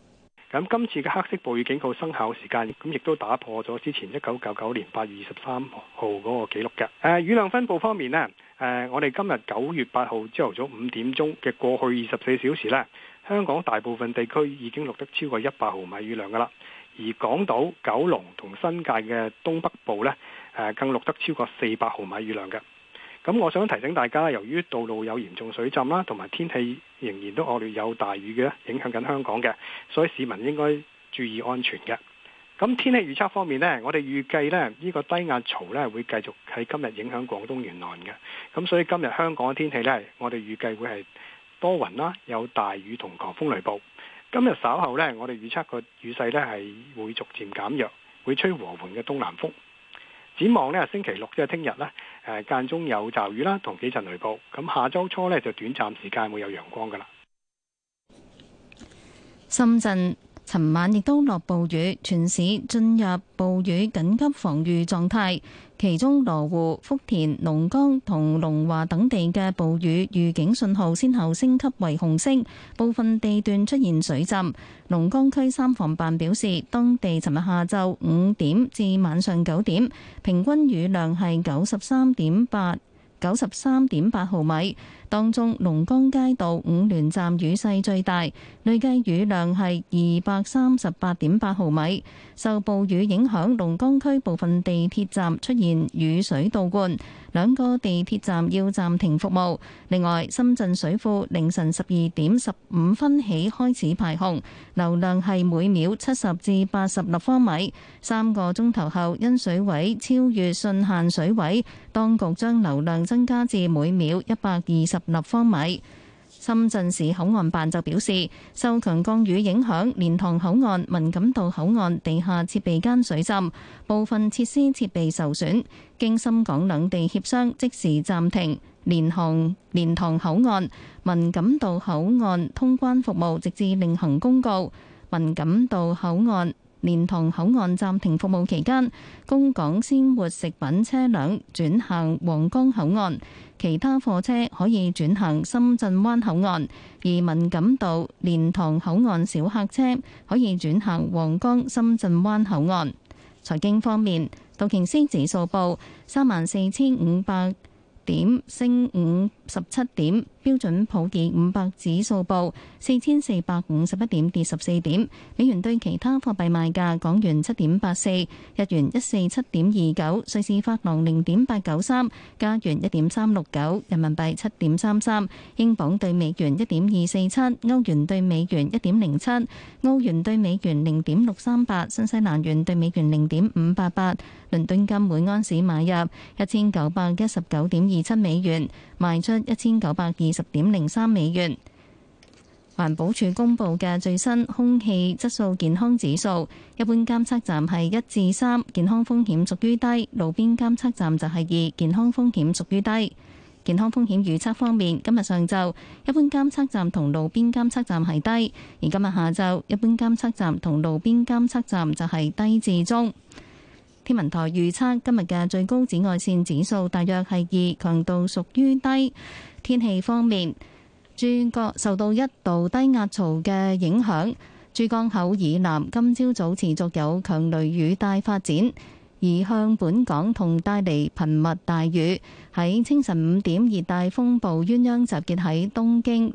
咁今次嘅黑色暴雨警告生效時間，咁亦都打破咗之前一九九九年八月二十三號嗰個記錄嘅。誒、啊，雨量分布方面呢，誒、啊，我哋今日九月八號朝頭早五點鐘嘅過去二十四小時呢，香港大部分地區已經錄得超過一百毫米雨量噶啦。而港島、九龍同新界嘅東北部呢，誒，更錄得超過四百毫米雨量嘅。咁我想提醒大家，由於道路有嚴重水浸啦，同埋天氣仍然都惡劣有大雨嘅影響緊香港嘅，所以市民應該注意安全嘅。咁天氣預測方面呢，我哋預計呢，呢、呢個低壓槽呢會繼續喺今日影響廣東沿岸嘅。咁所以今日香港嘅天氣呢，我哋預計會係多雲啦，有大雨同狂風雷暴。今日稍後呢，我哋預測個雨勢呢係會逐漸減弱，會吹和緩嘅東南風。展望呢，星期六即係聽日呢，誒間中有驟雨啦，同幾陣雷暴。咁、嗯、下周初呢，就短暫時間會有陽光噶啦。深圳。尋晚亦都落暴雨，全市進入暴雨緊急防御狀態。其中羅湖、福田、龍崗同龍華等地嘅暴雨預警信號先後升級為紅色，部分地段出現水浸。龍崗區三防辦表示，當地尋日下晝五點至晚上九點，平均雨量係九十三點八九十三點八毫米。當中龍崗街道五聯站雨勢最大，累計雨量係二百三十八點八毫米。受暴雨影響，龍崗區部分地鐵站出現雨水倒灌，兩個地鐵站要暫停服務。另外，深圳水庫凌晨十二點十五分起開始排洪，流量係每秒七十至八十立方米。三個鐘頭後，因水位超越汛限水位，當局將流量增加至每秒一百二十。十立方米。深圳市口岸辦就表示，受強降雨影響，蓮塘口岸、文錦渡口岸地下設備間水浸，部分設施設備受損。經深港兩地協商，即時暫停蓮塘蓮塘口岸、文錦渡口岸通關服務，直至另行公告。文錦渡口岸。蓮塘口岸暫停服務期間，供港鮮活食品車輛轉行皇崗口岸，其他貨車可以轉行深圳灣口岸，而文錦渡蓮塘口岸小客車可以轉行皇崗深圳灣口岸。財經方面，道瓊斯指數報三萬四千五百點，升五。十七點，標準普爾五百指數報四千四百五十一點，跌十四點。美元對其他貨幣賣價：港元七點八四，日元一四七點二九，瑞士法郎零點八九三，加元一點三六九，人民幣七點三三，英鎊對美元一點二四七，歐元對美元一點零七，澳元對美元零點六三八，新西蘭元對美元零點五八八。倫敦金每安士買入一千九百一十九點二七美元，賣出。一千九百二十點零三美元。環保署公布嘅最新空氣質素健康指數，一般監測站係一至三，健康風險屬於低；路邊監測站就係二，健康風險屬於低。健康風險預測方面，今日上晝一般監測站同路邊監測站係低，而今日下晝一般監測站同路邊監測站就係低至中。天文台預測今日嘅最高紫外線指數大約係二，強度屬於低。天氣方面，珠角受到一道低壓槽嘅影響，珠江口以南今朝早，早持續有強雷雨帶發展，而向本港同帶嚟頻密大雨。喺清晨五點，熱帶風暴鴛鴦集結喺東經。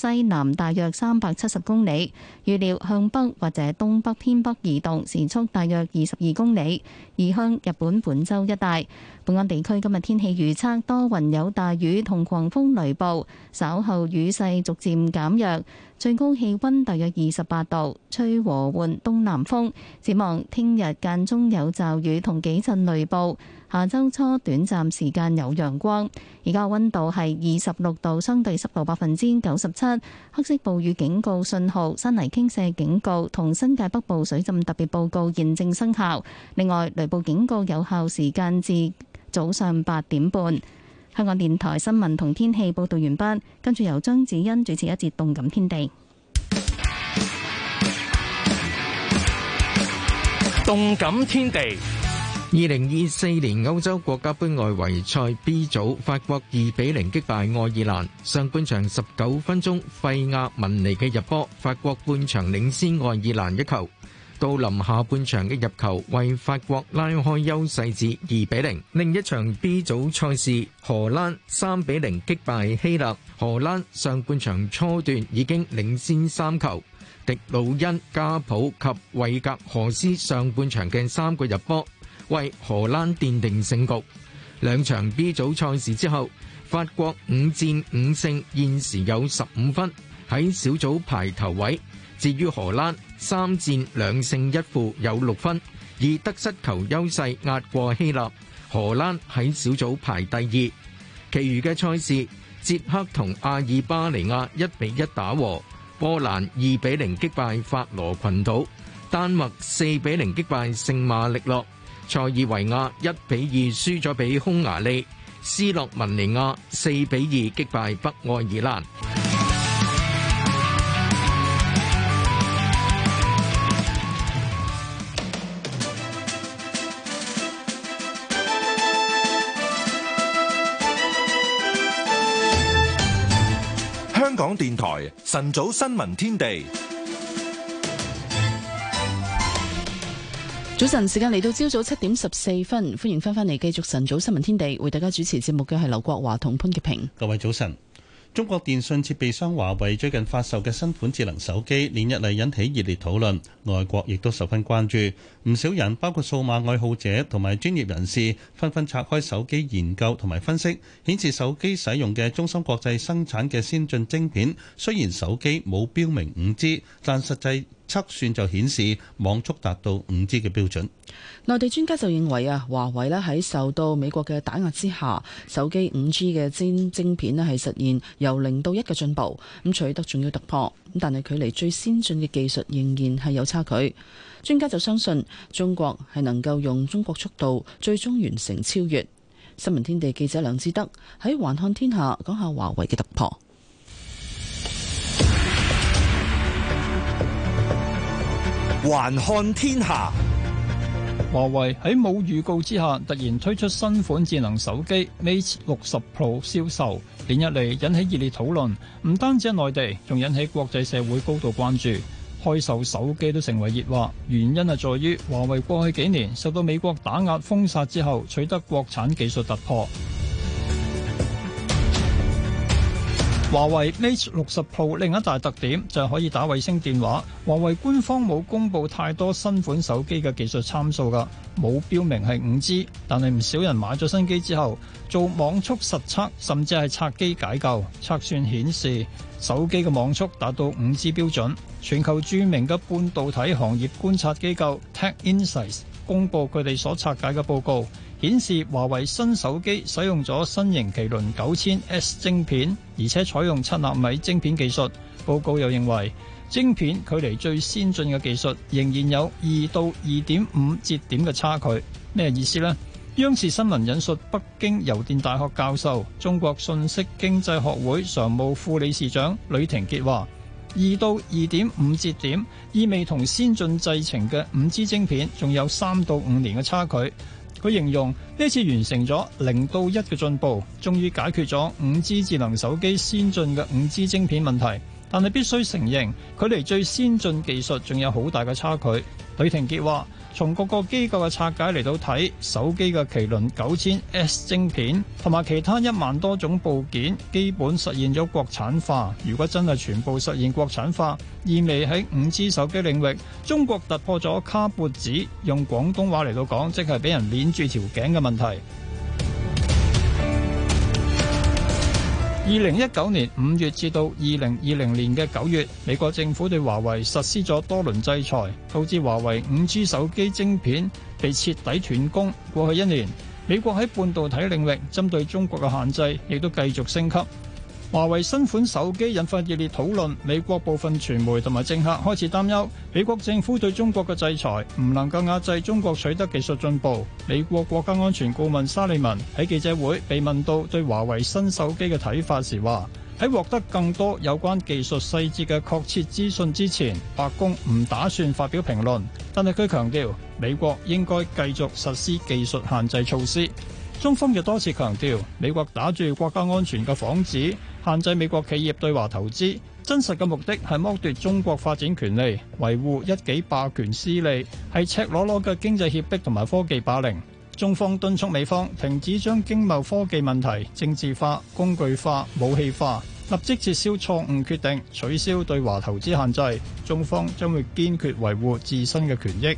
西南大約三百七十公里，預料向北或者東北偏北移動，時速大約二十二公里，移向日本本州一帶。本港地區今日天氣預測，多雲有大雨同狂風雷暴，稍後雨勢逐漸減弱。最高氣溫大約二十八度，吹和緩東南風。展望聽日間中有驟雨同幾陣雷暴，下周初短暫時間有陽光。而家溫度係二十六度，相對濕度百分之九十七。黑色暴雨警告信號、山泥傾瀉警告同新界北部水浸特別報告現正生效。另外，雷暴警告有效時間至早上八點半。香港電台新聞同天氣報道完畢，跟住由張子欣主持一節《動感天地》。《動感天地》，二零二四年歐洲國家杯外圍賽 B 組，法國二比零擊敗愛爾蘭。上半場十九分鐘，費亞文尼嘅入波，法國半場領先愛爾蘭一球。到臨下半場嘅入球，為法國拉開優勢至二比零。另一場 B 組賽事，荷蘭三比零擊敗希臘。荷蘭上半場初段已經領先三球，迪魯恩、加普及韋格何斯上半場嘅三個入波，為荷蘭奠定勝局。兩場 B 組賽事之後，法國五戰五勝，現時有十五分，喺小組排頭位。至於荷蘭，三戰兩勝一負，有六分，以得失球優勢壓過希臘。荷蘭喺小組排第二。其餘嘅賽事，捷克同阿爾巴尼亞一比一打和，波蘭二比零擊敗法羅群島，丹麥四比零擊敗聖馬力諾，塞爾維亞一比二輸咗俾匈牙利，斯洛文尼亞四比二擊敗北愛爾蘭。電台晨早新聞天地，早晨時間嚟到朝早七點十四分，歡迎翻返嚟繼續晨早新聞天地，為大家主持節目嘅係劉國華同潘潔平，各位早晨。中國電信設備商華為最近發售嘅新款智能手機連日嚟引起熱烈討論，外國亦都十分關注。唔少人包括數碼愛好者同埋專業人士紛紛拆開手機研究同埋分析，顯示手機使用嘅中芯國際生產嘅先進晶片。雖然手機冇標明五 G，但實際測算就顯示網速達到五 G 嘅標準。內地專家就認為啊，華為咧喺受到美國嘅打壓之下，手機五 G 嘅晶晶片咧係實現由零到一嘅進步，咁取得重要突破，但係距離最先進嘅技術仍然係有差距。專家就相信中國係能夠用中國速度最終完成超越。新聞天地記者梁志德喺環看天下講下華為嘅突破。環看天下。華為喺冇預告之下突然推出新款智能手機 Mate 六十 Pro 銷售，連日嚟，引起熱烈討論。唔單止喺內地，仲引起國際社會高度關注。開售手機都成為熱話，原因係在於華為過去幾年受到美國打壓封殺之後，取得國產技術突破。華為 Mate 六十 Pro 另一大特點就係可以打衛星電話。華為官方冇公布太多新款手機嘅技術參數噶，冇標明係五 G，但係唔少人買咗新機之後做網速實測，甚至係拆機解救。測算顯示，手機嘅網速達到五 G 標準。全球著名嘅半導體行業觀察機構 TechInsights 公布佢哋所拆解嘅報告。顯示華為新手機使用咗新型麒麟九千 S 晶片，而且採用七納米晶片技術。報告又認為晶片距離最先進嘅技術仍然有二到二點五節點嘅差距。咩意思呢？央視新聞引述北京郵電大學教授、中國信息經濟學會常務副理事長呂廷傑話：二到二點五節點意味同先進製程嘅五 G 晶片仲有三到五年嘅差距。佢形容呢次完成咗零到一嘅進步，終於解決咗五 G 智能手機先進嘅五 G 芯片問題。但係必須承認，距離最先進技術仲有好大嘅差距。許廷杰話。從各個機構嘅拆解嚟到睇，手機嘅麒麟九千 S 晶片，同埋其他一萬多種部件，基本實現咗國產化。如果真係全部實現國產化，意味喺五 G 手機領域，中國突破咗卡脖子。用廣東話嚟到講，即係俾人捏住條頸嘅問題。二零一九年五月至到二零二零年嘅九月，美國政府對華為實施咗多輪制裁，導致華為五 G 手機晶片，被徹底斷供。過去一年，美國喺半導體領域針對中國嘅限制亦都繼續升級。華為新款手機引發熱烈討論，美國部分傳媒同埋政客開始擔憂，美國政府對中國嘅制裁，唔能夠壓制中國取得技術進步。美國國家安全顧問沙利文喺記者會被問到對華為新手機嘅睇法時話：喺獲得更多有關技術細節嘅確切資訊之前，白宮唔打算發表評論，但係佢強調美國應該繼續實施技術限制措施。中方又多次強調，美國打住國家安全嘅幌子，限制美國企業對華投資，真實嘅目的係剝奪中國發展權利，維護一己霸權私利，係赤裸裸嘅經濟脅迫同埋科技霸凌。中方敦促美方停止將經貿科技問題政治化、工具化、武器化，立即撤銷錯誤決定，取消對華投資限制。中方將會堅決維護自身嘅權益。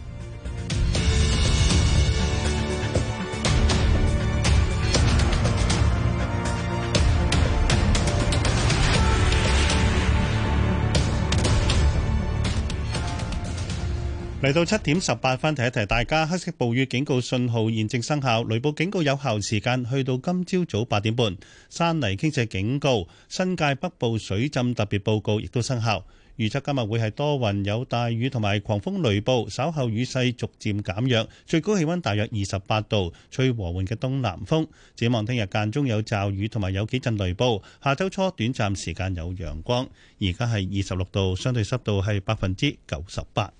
嚟到七點十八分，提一提大家，黑色暴雨警告信號現正生效，雷暴警告有效時間去到今朝早八點半。山泥傾瀉警告、新界北部水浸特別報告亦都生效。預測今日會係多雲有大雨同埋狂風雷暴，稍後雨勢逐漸減弱，最高氣温大約二十八度，吹和緩嘅東南風。展望聽日間中有驟雨同埋有幾陣雷暴，下週初短暫時間有陽光。而家係二十六度，相對濕度係百分之九十八。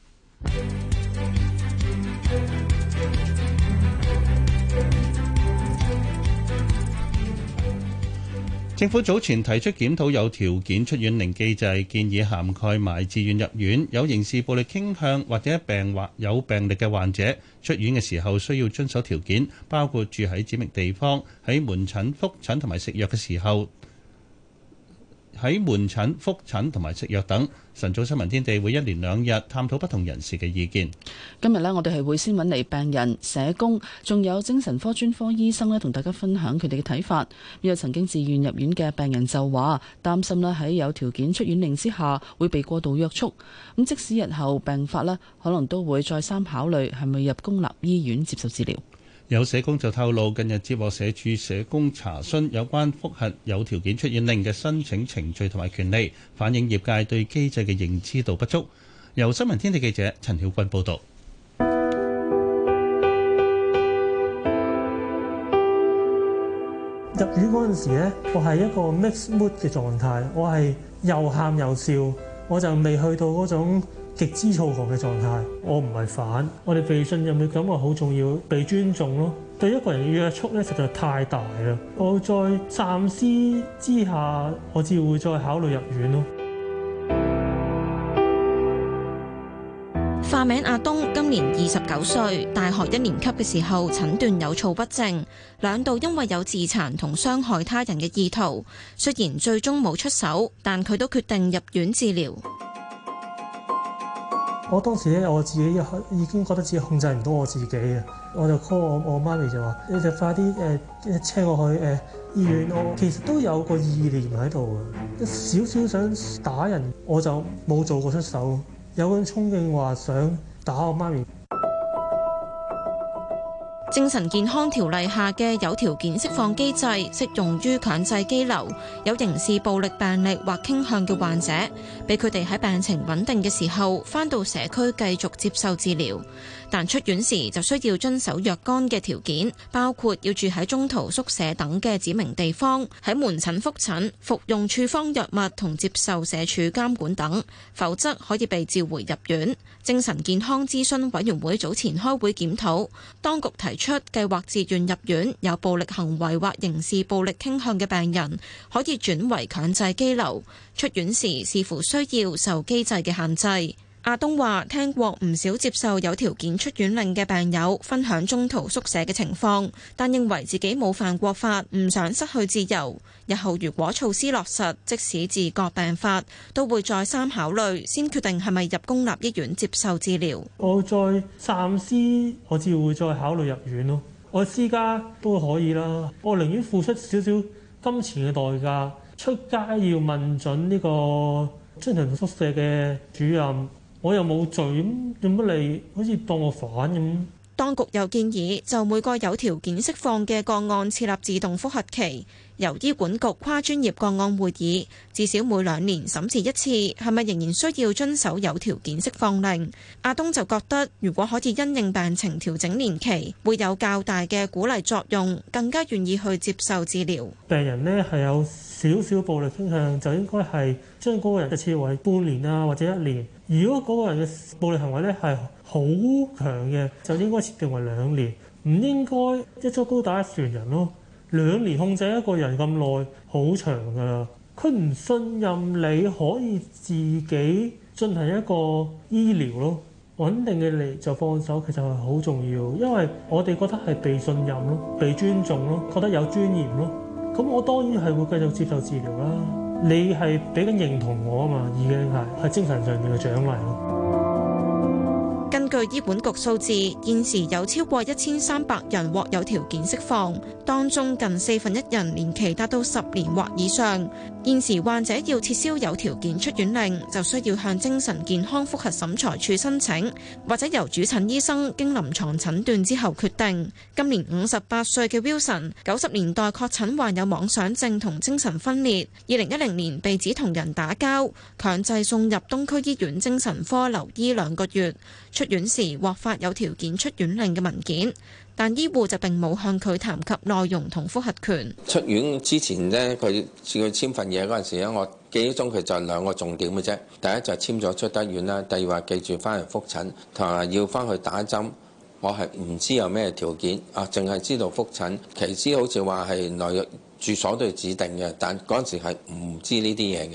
政府早前提出檢討有條件出院令機制，建議涵蓋埋自願入院、有刑事暴力傾向或者病或有病歷嘅患者出院嘅時候，需要遵守條件，包括住喺指明地方、喺門診覆診同埋食藥嘅時候。喺門診、覆診同埋食藥等。晨早新聞天地會一連兩日探討不同人士嘅意見。今日呢，我哋係會先揾嚟病人、社工，仲有精神科專科醫生呢，同大家分享佢哋嘅睇法。咁有曾經自願入院嘅病人就話擔心呢，喺有條件出院令之下會被過度約束。咁即使日後病發呢，可能都會再三考慮係咪入公立醫院接受治療。有社工就透露，近日接獲社署社工查詢有關複核有條件出院令嘅申請程序同埋權利，反映業界對機制嘅認知度不足。由新聞天地記者陳曉君報道。入院嗰陣時咧，我係一個 mixed mood 嘅狀態，我係又喊又笑，我就未去到嗰種。極之躁狂嘅狀態，我唔係反，我哋被信任嘅感覺好重要，被尊重咯。對一個人嘅約束咧，實在太大啦。我再暫時之下，我只會再考慮入院咯。化名阿東，今年二十九歲，大學一年級嘅時候診斷有躁不正，兩度因為有自殘同傷害他人嘅意圖，雖然最終冇出手，但佢都決定入院治療。我當時咧，我自己已經覺得自己控制唔到我自己啊！我就 call 我我媽咪就話，你就快啲誒車我去誒、呃、醫院咯、呃。其實都有個意念喺度嘅，一少少想打人，我就冇做過出手。有種衝勁話想打我媽咪。精神健康條例下嘅有條件釋放機制，適用於強制羈留有刑事暴力病歷或傾向嘅患者，俾佢哋喺病情穩定嘅時候，返到社區繼續接受治療。但出院時就需要遵守若干嘅條件，包括要住喺中途宿舍等嘅指明地方，喺門診覆診、服用處方藥物同接受社署監管等，否則可以被召回入院。精神健康諮詢委員會早前開會檢討，當局提出計劃，自願入院有暴力行為或刑事暴力傾向嘅病人可以轉為強制羈留，出院時視乎需要受機制嘅限制。阿東話：聽過唔少接受有條件出院令嘅病友分享中途宿舍嘅情況，但認為自己冇犯過法，唔想失去自由。日後如果措施落實，即使自覺病發，都會再三考慮，先決定係咪入公立醫院接受治療。我再暫時，我只會再考慮入院咯。我私家都可以啦，我寧願付出少少金錢嘅代價，出街要問準呢個中途宿舍嘅主任。我又冇罪，咁做乜嚟？好似當我反咁。當局又建議就每個有條件釋放嘅個案設立自動覆核期，由醫管局跨專業個案會議至少每兩年審視一次，係咪仍然需要遵守有條件釋放令？阿東就覺得，如果可以因應病情調整年期，會有較大嘅鼓勵作用，更加願意去接受治療。病人呢係有少少暴力傾向，就應該係將嗰個人嘅設為半年啊，或者一年。如果嗰個人嘅暴力行為咧係好強嘅，就應該設定為兩年，唔應該一竹篙打一船人咯。兩年控制一個人咁耐，好長㗎啦。佢唔信任你可以自己進行一個醫療咯，穩定嘅你就放手，其實係好重要，因為我哋覺得係被信任咯，被尊重咯，覺得有尊嚴咯。咁我當然係會繼續接受治療啦。你係俾緊認同我啊嘛，已經係係精神上面嘅獎勵咯。根據醫管局數字，現時有超過一千三百人獲有條件釋放，當中近四分一人年期達到十年或以上。現時患者要撤銷有條件出院令，就需要向精神健康覆核審裁處申請，或者由主診醫生經臨床診斷之後決定。今年五十八歲嘅 Wilson，九十年代確診患有妄想症同精神分裂，二零一零年被指同人打交，強制送入東區醫院精神科留醫兩個月，出院時獲發有條件出院令嘅文件。但醫護就並冇向佢談及內容同覆核權。出院之前咧，佢要簽份嘢嗰陣時咧，我記憶中佢就兩個重點嘅啫。第一就係簽咗出得院啦，第二話記住翻嚟覆診同埋要翻去打針。我係唔知有咩條件啊，淨係知道覆診，其次好似話係內住所都要指定嘅，但嗰陣時係唔知呢啲嘢嘅。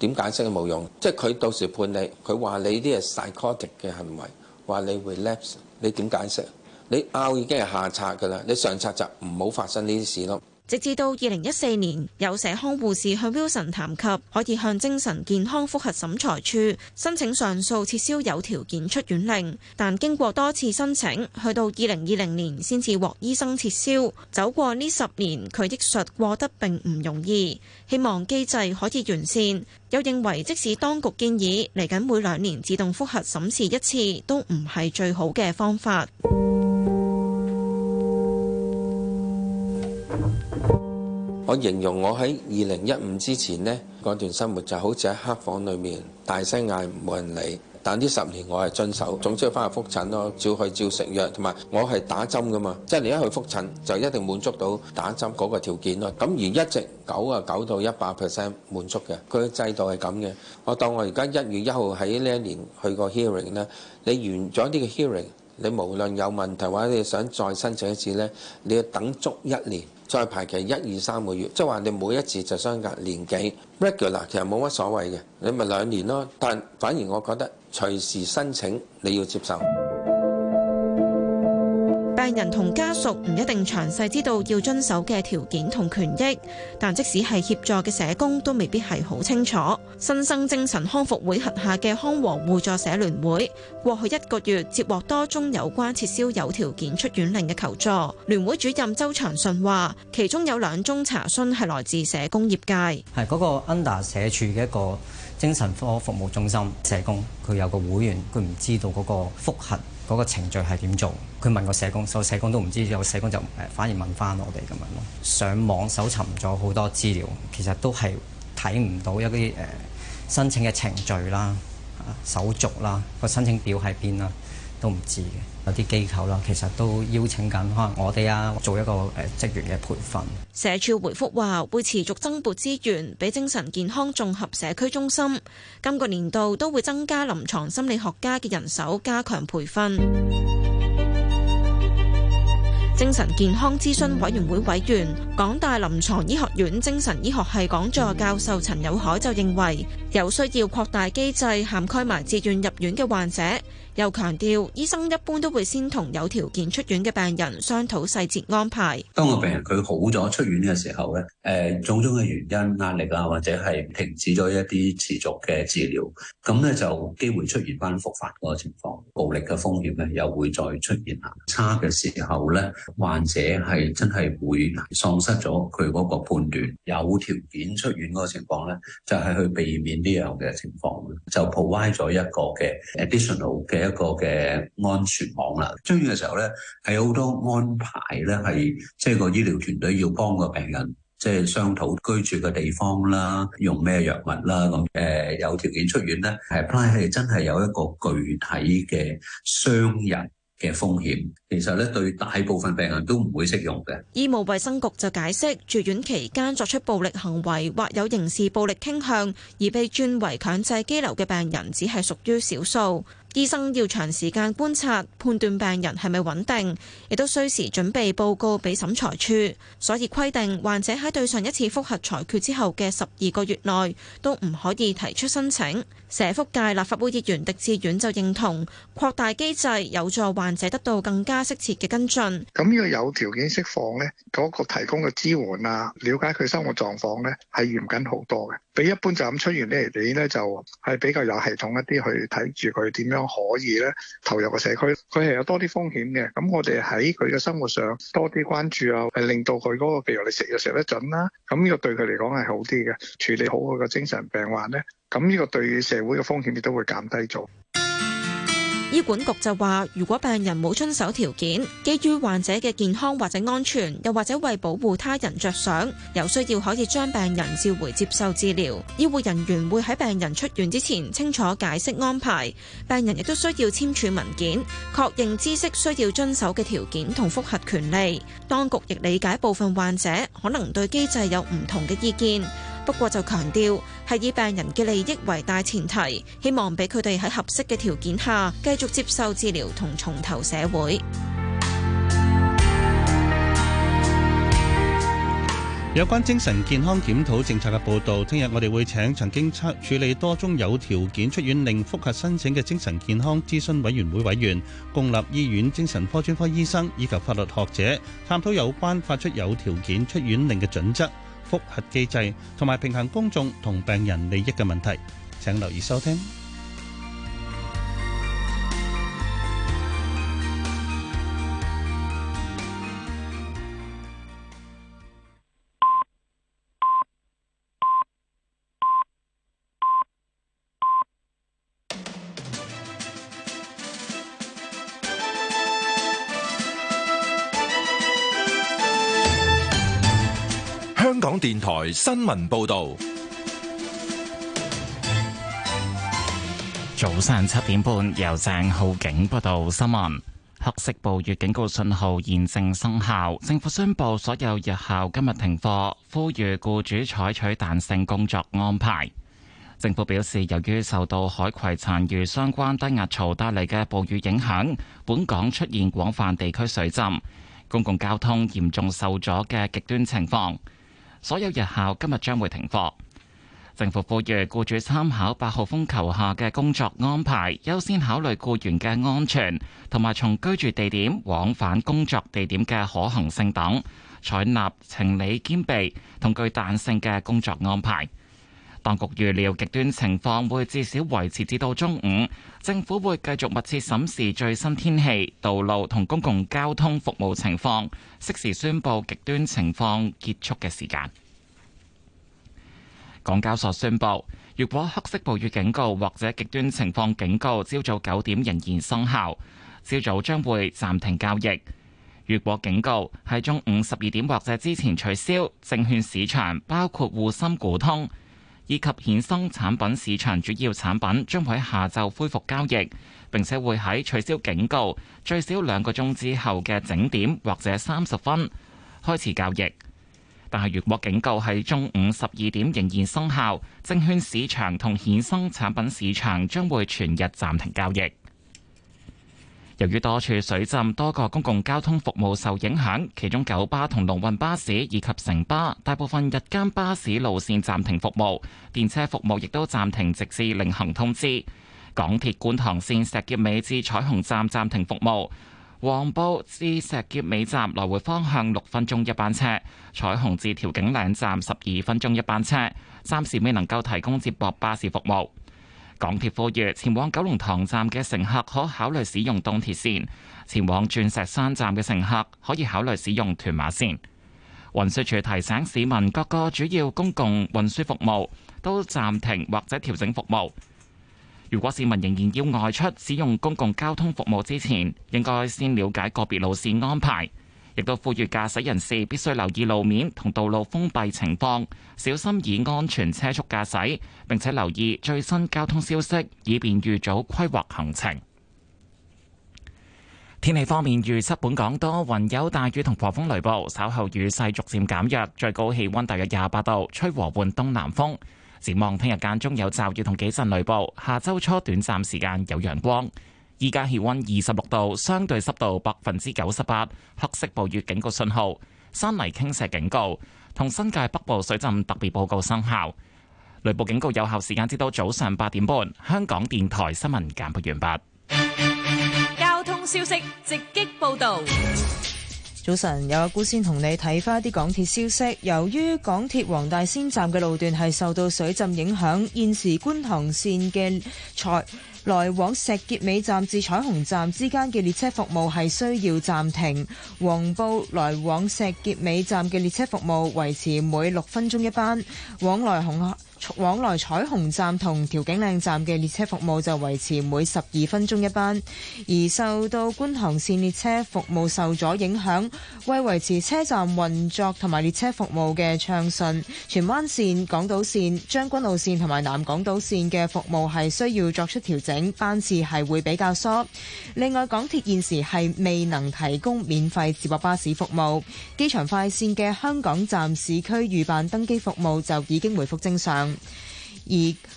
點解釋都冇用，即係佢到時判你，佢話你啲係 psychotic 嘅行為，話你 relapse，你點解釋？你拗已經係下策㗎啦，你上策就唔好發生呢啲事咯。直至到二零一四年，有社康護士向 Wilson 談及可以向精神健康複核審裁處申請上訴撤銷有條件出院令，但經過多次申請，去到二零二零年先至獲醫生撤銷。走過呢十年，佢亦術過得並唔容易。希望機制可以完善。又認為即使當局建議嚟緊每兩年自動複核審視一次，都唔係最好嘅方法。我形容我喺二零一五之前呢，嗰段生活就好似喺黑房裏面大聲嗌冇人理，但呢十年我係遵守，總之要返去覆診咯，照去照食藥，同埋我係打針㗎嘛。即係你一去覆診，就一定滿足到打針嗰個條件咯。咁而一直九啊九到一百 percent 滿足嘅，佢制度係咁嘅。我當我而家一月一號喺呢一年去過 hearing 呢，你完咗呢個 hearing，你無論有問題或者你想再申請一次呢，你要等足一年。再排期一、二、三個月，即係話你每一次就相隔年幾 regular，其實冇乜所謂嘅，你咪兩年咯。但反而我覺得隨時申請你要接受。病人同家屬唔一定詳細知道要遵守嘅條件同權益，但即使係協助嘅社工都未必係好清楚。新生精神康復會轄下嘅康和互助社聯會過去一個月接獲多宗有關撤銷有條件出院令嘅求助，聯會主任周長信話，其中有兩宗查詢係來自社工業界，係嗰個 under 社署嘅一個精神科服務中心社工，佢有個會員佢唔知道嗰個複核。嗰個程序係點做？佢問個社工，所有社工都唔知，有社工就誒反而問翻我哋咁樣咯。上網搜尋咗好多資料，其實都係睇唔到一啲誒申請嘅程序啦、手續啦、個申請表喺邊啦。都唔知嘅有啲機構啦，其實都邀請緊可能我哋啊做一個誒、呃、職員嘅培訓。社署回覆話，會持續增撥資源俾精神健康綜合社區中心，今個年度都會增加臨床心理學家嘅人手，加強培訓。嗯、精神健康諮詢委員會委員港大臨床醫學院精神醫學系講座教授陳友凱就認為，有需要擴大機制，涵蓋埋自願入院嘅患者。又強調，醫生一般都會先同有條件出院嘅病人商討細節安排。當個病人佢好咗出院嘅時候咧，誒，種種嘅原因壓力啊，或者係停止咗一啲持續嘅治療，咁咧就機會出現翻復發個情況，暴力嘅風險咧又會再出現下。差嘅時候咧，患者係真係會喪失咗佢嗰個判斷。有條件出院嗰個情況咧，就係去避免呢樣嘅情況，就 provide 咗一個嘅 additional 嘅。一個嘅安全網啦。出院嘅時候咧，係好多安排咧，係即係個醫療團隊要幫個病人，即係商討居住嘅地方啦，用咩藥物啦。咁誒，有條件出院咧，係真係有一個具體嘅傷人嘅風險。其實咧，對大部分病人都唔會適用嘅。醫務衛生局就解釋，住院期間作出暴力行為或有刑事暴力傾向而被轉為強制羈留嘅病人，只係屬於少數。醫生要長時間觀察判斷病人係咪穩定，亦都需時準備報告畀審裁處，所以規定患者喺對上一次複核裁決之後嘅十二個月內都唔可以提出申請。社福界立法會議員狄志遠就認同擴大機制有助患者得到更加適切嘅跟進。咁呢個有條件釋放咧，嗰個提供嘅支援啊，了解佢生活狀況咧，係嚴謹好多嘅。比一般就咁出院呢，你咧就係比較有系統一啲去睇住佢點樣可以咧投入個社區。佢係有多啲風險嘅，咁我哋喺佢嘅生活上多啲關注啊，係令到佢嗰個，譬如你食藥食得準啦，咁呢個對佢嚟講係好啲嘅。處理好佢個精神病患咧。咁呢個對社會嘅風險亦都會減低咗。醫管局就話，如果病人冇遵守條件，基於患者嘅健康或者安全，又或者為保護他人着想，有需要可以將病人召回接受治療。醫護人員會喺病人出院之前清楚解釋安排，病人亦都需要簽署文件，確認知悉需要遵守嘅條件同復核權利。當局亦理解部分患者可能對機制有唔同嘅意見。不過就強調係以病人嘅利益為大前提，希望俾佢哋喺合適嘅條件下繼續接受治療同重投社會。有關精神健康檢討政策嘅報道，聽日我哋會請曾經處理多宗有條件出院令復核申請嘅精神健康諮詢委員會委員、公立醫院精神科專科醫生以及法律學者，探討有關發出有條件出院令嘅準則。復核機制同埋平衡公眾同病人利益嘅問題，請留意收聽。香港電台新聞報道，早上七點半由鄭浩景報道新聞。黑色暴雨警告信號現正生效，政府宣布所有日校今日停課，呼籲僱主採取彈性工作安排。政府表示，由於受到海葵殘餘相關低壓槽帶嚟嘅暴雨影響，本港出現廣泛地區水浸，公共交通嚴重受阻嘅極端情況。所有日校今日將會停課。政府呼籲僱主參考八號風球下嘅工作安排，優先考慮僱員嘅安全，同埋從居住地點往返工作地點嘅可行性等，採納情理兼備同具彈性嘅工作安排。當局預料極端情況會至少維持至到中午。政府會繼續密切審視最新天氣、道路同公共交通服務情況，適時宣布極端情況結束嘅時間。港交所宣布，如果黑色暴雨警告或者極端情況警告朝早九點仍然生效，朝早將會暫停交易。如果警告喺中午十二點或者之前取消，證券市場包括滬深股通。以及衍生產品市場主要產品將會喺下晝恢復交易，並且會喺取消警告最少兩個鐘之後嘅整點或者三十分開始交易。但係，如果警告係中午十二點仍然生效，證券市場同衍生產品市場將會全日暫停交易。由於多處水浸，多個公共交通服務受影響，其中九巴同龍運巴士以及城巴大部分日間巴士路線暫停服務，電車服務亦都暫停，直至另行通知。港鐵觀塘線石硤尾至彩虹站暫停服務，黃埔至石硤尾站來回方向六分鐘一班車，彩虹至調景嶺站十二分鐘一班車，暫時未能夠提供接駁巴士服務。港鐵呼籲前往九龍塘站嘅乘客可考慮使用東鐵線，前往鑽石山站嘅乘客可以考慮使用屯馬線。運輸署提醒市民，各個主要公共運輸服務都暫停或者調整服務。如果市民仍然要外出使用公共交通服務之前，應該先了解個別路線安排。亦都呼籲駕駛人士必須留意路面同道路封閉情況，小心以安全車速駕駛，並且留意最新交通消息，以便預早規劃行程。天氣方面預測本港多雲有大雨同狂風雷暴，稍後雨勢逐漸減弱，最高氣溫大約廿八度，吹和緩東南風。展望聽日間中有驟雨同幾陣雷暴，下周初短暫時間有陽光。依家氣溫二十六度，相對濕度百分之九十八，黑色暴雨警告信號，山泥傾瀉警告，同新界北部水浸特別報告生效，雷暴警告有效時間至到早上八點半。香港電台新聞簡報完畢。交通消息直擊報道。早晨，有阿姑先同你睇返一啲港鐵消息。由於港鐵黃大仙站嘅路段係受到水浸影響，現時觀塘線嘅來來往石硤尾站至彩虹站之間嘅列車服務係需要暫停。黃埔來往石硤尾站嘅列車服務維持每六分鐘一班，往來紅磡。往來彩虹站同調景嶺站嘅列車服務就維持每十二分鐘一班，而受到觀塘綫列車服務受阻影響，為維持車站運作同埋列車服務嘅暢順，荃灣綫、港島綫、將軍澳綫同埋南港島綫嘅服務係需要作出調整，班次係會比較疏。另外，港鐵現時係未能提供免費接駁巴士服務，機場快綫嘅香港站市區預辦登機服務就已經回復正常。而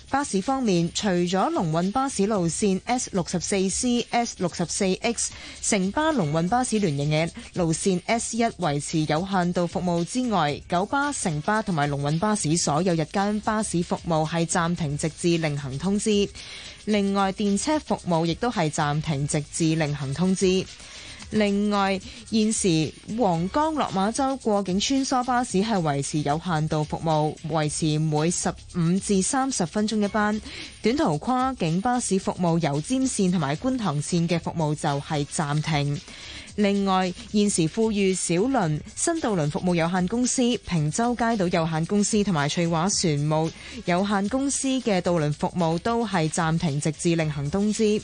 巴士方面，除咗龍運巴士路線 S 六十四 C、S 六十四 X、城巴龍運巴士聯營嘅路線 S 一維持有限度服務之外，九巴、城巴同埋龍運巴士所有日間巴士服務係暫停，直至另行通知。另外，電車服務亦都係暫停，直至另行通知。另外，現時皇崗落馬洲過境穿梭巴士係維持有限度服務，維持每十五至三十分鐘一班。短途跨境巴士服務，油尖線同埋觀塘線嘅服務就係暫停。另外，現時富裕小輪、新渡輪服務有限公司、坪洲街渡有限公司同埋翠華船務有限公司嘅渡輪服務都係暫停，直至另行通知。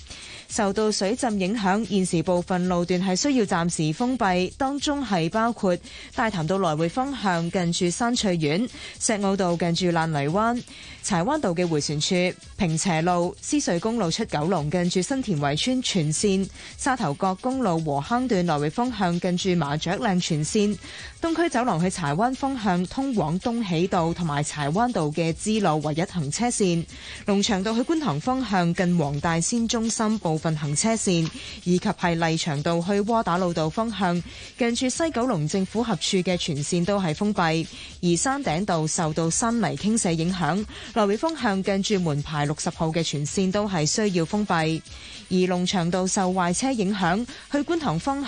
受到水浸影響，現時部分路段係需要暫時封閉，當中係包括大潭道來回方向近住山翠苑、石澳道近住爛泥灣、柴灣道嘅迴旋處、坪輋路、獅隧公路出九龍近住新田圍村全線、沙頭角公路禾坑段。來回方向近住麻雀嶺全線，東區走廊去柴灣方向通往東喜道同埋柴灣道嘅支路唯一行車線；龍翔道去觀塘方向近黃大仙中心部分行車線，以及係麗翔道去窩打老道方向近住西九龍政府合署嘅全線都係封閉。而山頂道受到山泥傾瀉影響，來回方向近住門牌六十號嘅全線都係需要封閉。而龍翔道受壞車影響，去觀塘方向。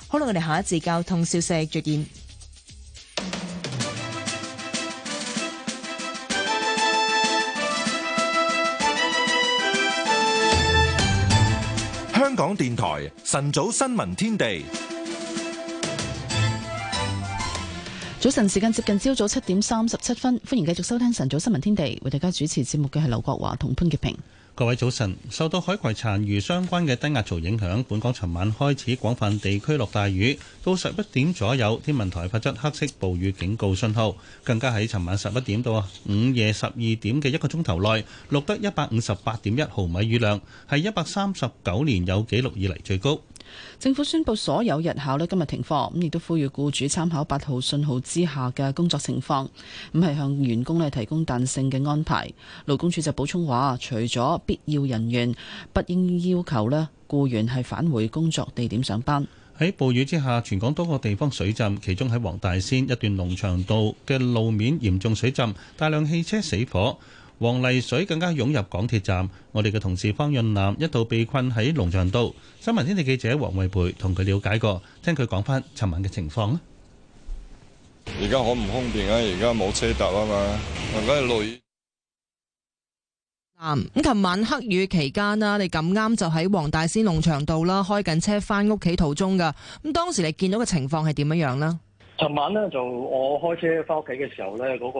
好啦，我哋下一節交通消息再見。香港電台晨早新聞天地，早晨時間接近朝早七點三十七分，歡迎繼續收聽晨早新聞天地，為大家主持節目嘅係劉國華同潘潔平。各位早晨，受到海葵殘餘相關嘅低壓槽影響，本港尋晚開始廣泛地區落大雨，到十一點左右天文台發出黑色暴雨警告信號，更加喺尋晚十一點到啊午夜十二點嘅一個鐘頭內錄得一百五十八點一毫米雨量，係一百三十九年有記錄以嚟最高。政府宣布所有日校呢今日停課，咁亦都呼籲僱主參考八號信號之下嘅工作情況，咁係向員工呢提供彈性嘅安排。勞工處就補充話，除咗必要人員，不應要求呢僱員係返回工作地點上班。喺暴雨之下，全港多個地方水浸，其中喺黃大仙一段農場道嘅路面嚴重水浸，大量汽車死火。黃麗水更加湧入港鐵站，我哋嘅同事方潤南一度被困喺龍翔道。新聞天地記者黃慧培同佢了解過，聽佢講翻尋晚嘅情況啦。而家好唔方便啊！而家冇車搭啊嘛，而家係落雨。嗱咁，尋晚黑雨期間啦，你咁啱就喺黃大仙龍翔道啦，開緊車翻屋企途中噶。咁當時你見到嘅情況係點樣樣咧？尋晚呢，就我開車翻屋企嘅時候呢，嗰、那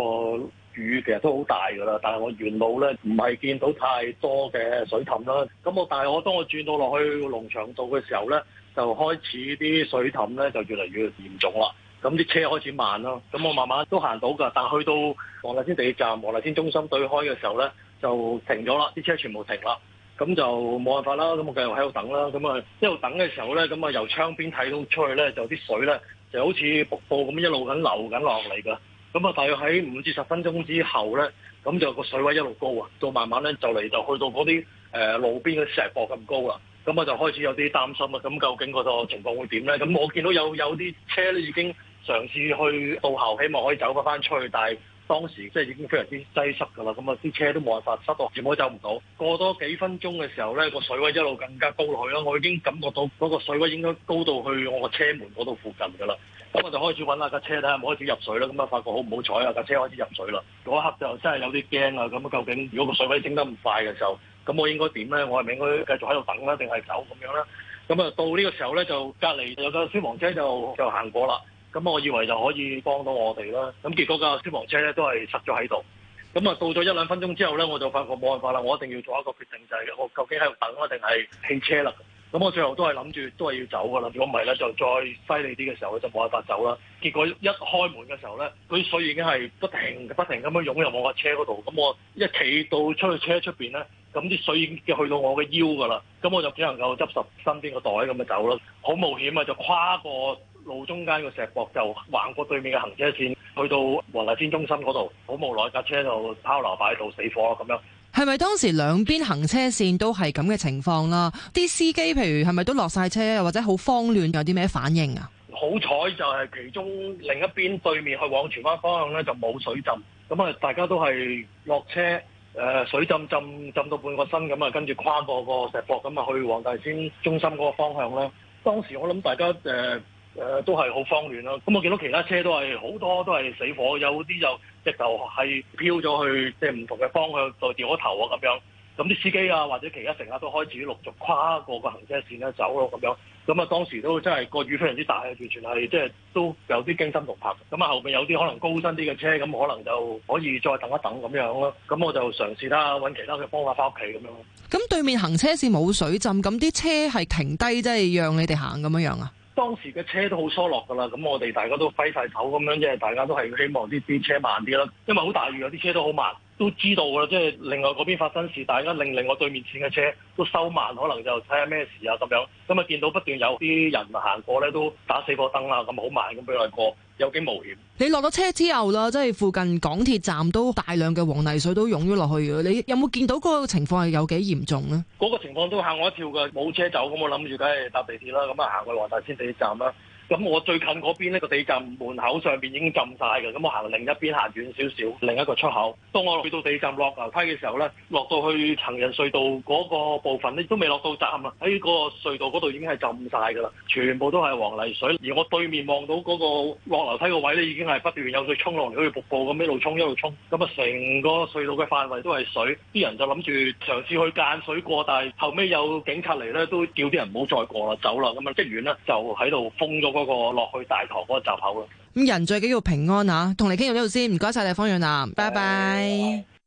個雨其實都好大㗎啦，但係我沿路咧唔係見到太多嘅水氹啦。咁我但係我當我轉到落去龍翔道嘅時候咧，就開始啲水氹咧就越嚟越嚴重啦。咁啲車開始慢啦。咁我慢慢都行到㗎，但係去到黃大仙地鐵站、黃大仙中心對開嘅時候咧，就停咗啦。啲車全部停啦。咁就冇辦法啦。咁我繼續喺度等啦。咁啊，一路等嘅時候咧，咁啊由窗邊睇到出去咧，就啲水咧就好似瀑布咁一路咁流緊落嚟㗎。咁啊，大約喺五至十分鐘之後呢，咁就個水位一路高啊，到慢慢呢，就嚟就去到嗰啲誒路邊嘅石壆咁高啦。咁我就開始有啲擔心啊。咁究竟嗰個情況會點呢？咁我見到有有啲車呢已經嘗試去倒後，希望可以走翻翻出去，但係當時即係已經非常之擠塞㗎啦。咁啊，啲車都冇辦法塞到，亦都走唔到。過多幾分鐘嘅時候呢，個水位一路更加高落去啦。我已經感覺到嗰個水位應該高到去我個車門嗰度附近㗎啦。咁我就開始揾下架車睇下，冇開始入水啦。咁啊，發覺好唔好彩啊！架車開始入水啦。嗰一刻就真係有啲驚啊！咁究竟如果個水位升得唔快嘅時候，咁我應該點咧？我係咪應該繼續喺度等咧，定係走咁樣咧？咁啊，到呢個時候咧，就隔離有架消防車就就行過啦。咁我以為就可以幫到我哋啦。咁結果架消防車咧都係塞咗喺度。咁啊，到咗一兩分鐘之後咧，我就發覺冇辦法啦。我一定要做一個決定，就係、是、我究竟喺度等啊，定係棄車啦？咁我最後都係諗住都係要走噶啦，如果唔係咧就再犀利啲嘅時候就冇辦法走啦。結果一開門嘅時候咧，啲水已經係不停不停咁樣湧入我架車嗰度，咁我一企到出去車出邊咧，咁啲水已經去到我嘅腰噶啦，咁我就只能夠執拾身邊個袋咁樣走啦。好冒險啊，就跨過路中間個石壆，就橫過對面嘅行車線去到黃大仙中心嗰度，好無奈架車就拋錨擺喺度，死火咯咁樣。係咪當時兩邊行車線都係咁嘅情況啦？啲司機譬如係咪都落晒車，又或者好慌亂，有啲咩反應啊？好彩就係其中另一邊對面去往荃灣方向咧就冇水浸，咁啊大家都係落車，誒水浸浸浸到半個身咁啊，跟住跨過個石壆咁啊去黃大仙中心嗰個方向咧。當時我諗大家誒。呃誒、呃，都係好慌亂咯。咁、嗯、我見到其他車都係好多都係死火，有啲就直頭係飄咗去即係唔同嘅方向，再、就是、掉咗頭啊咁樣。咁啲司機啊，或者其他乘客、啊、都開始陸續跨過個行車線咧走咯咁樣。咁啊，當時都真係個雨非常之大，完全係即係都有啲驚心動魄。咁啊，後邊有啲可能高身啲嘅車，咁可能就可以再等一等咁樣咯。咁我就嘗試啦，搵其他嘅方法翻屋企咁樣。咁、嗯、對面行車線冇水浸，咁啲車係停低即係讓你哋行咁樣樣啊？當時嘅車都好疏落㗎啦，咁我哋大家都揮晒手咁樣，即係大家都係希望啲啲車慢啲啦，因為好大雨，有啲車都好慢。都知道㗎，即係另外嗰邊發生事，大家令令我對面線嘅車都收慢，可能就睇下咩事啊咁樣。咁啊，見到不斷有啲人行過咧，都打死個燈啦，咁啊好慢咁俾佢過，有幾冒險。你落咗車之後啦，即係附近港鐵站都大量嘅黃泥水都湧咗落去嘅。你有冇見到嗰個情況係有幾嚴重咧？嗰個情況都嚇我一跳㗎，冇車走咁，我諗住梗係搭地鐵啦，咁啊行過黃大仙地鐵站啦。咁我最近嗰邊呢個地站門口上邊已經浸晒嘅，咁我行另一邊行遠少少，另一個出口。當我去到地站落樓梯嘅時候呢，落到去行人隧道嗰個部分呢，都未落到站啊！喺個隧道嗰度已經係浸晒㗎啦，全部都係黃泥水。而我對面望到嗰個落樓梯個位呢，已經係不斷有水衝落嚟，好似瀑布咁一路衝一路衝。咁啊，成個隧道嘅範圍都係水，啲人就諗住嘗試去間水過，但係後尾有警察嚟呢，都叫啲人唔好再過啦，走啦。咁啊，即係呢，就喺度封咗嗰個落去大堂嗰個閘口咯。咁人最緊要平安嚇、啊，同你傾完呢度先，唔該晒你，方洋南，拜拜 bye。Bye bye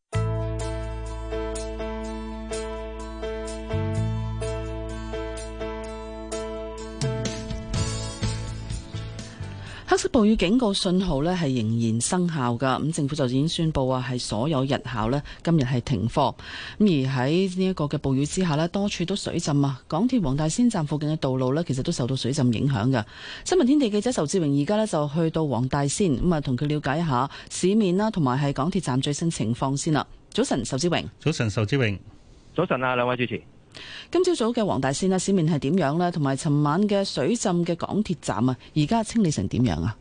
黑色暴雨警告信號咧係仍然生效噶咁政府就已經宣布啊，係所有日校咧今日係停課。咁而喺呢一個嘅暴雨之下咧，多處都水浸啊。港鐵黃大仙站附近嘅道路咧，其實都受到水浸影響嘅。新聞天地記者仇志榮而家咧就去到黃大仙，咁啊，同佢了解一下市面啦，同埋係港鐵站最新情況先啦。早晨，仇志榮。早晨，仇志榮。早晨啊，兩位主持。今朝早嘅黃大仙啦、啊，市面係點樣咧？同埋，尋晚嘅水浸嘅港鐵站啊，而家清理成點樣啊？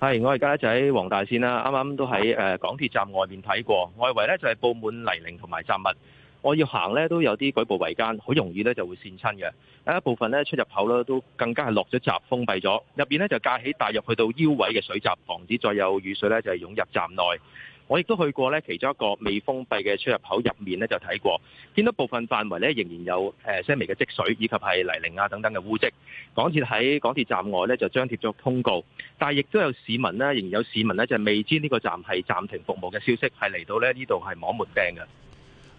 係，我而家就喺黃大仙啦、啊，啱啱都喺誒港鐵站外面睇過，外圍呢就係布滿泥濘同埋雜物，我要行呢都有啲舉步維艱，好容易呢就會跣親嘅。有一部分呢出入口咧都更加係落咗閘，封閉咗，入邊呢就架起大約去到腰位嘅水閘，防止再有雨水呢就係、是、湧入站內。我亦都去過呢其中一個未封閉嘅出入口入面呢就睇過，見到部分範圍呢仍然有誒些微嘅積水，以及係泥濘啊等等嘅污漬。港鐵喺港鐵站外呢就張貼咗通告，但係亦都有市民呢，仍然有市民呢就未知呢個站係暫停服務嘅消息，係嚟到呢呢度係摸門釘㗎。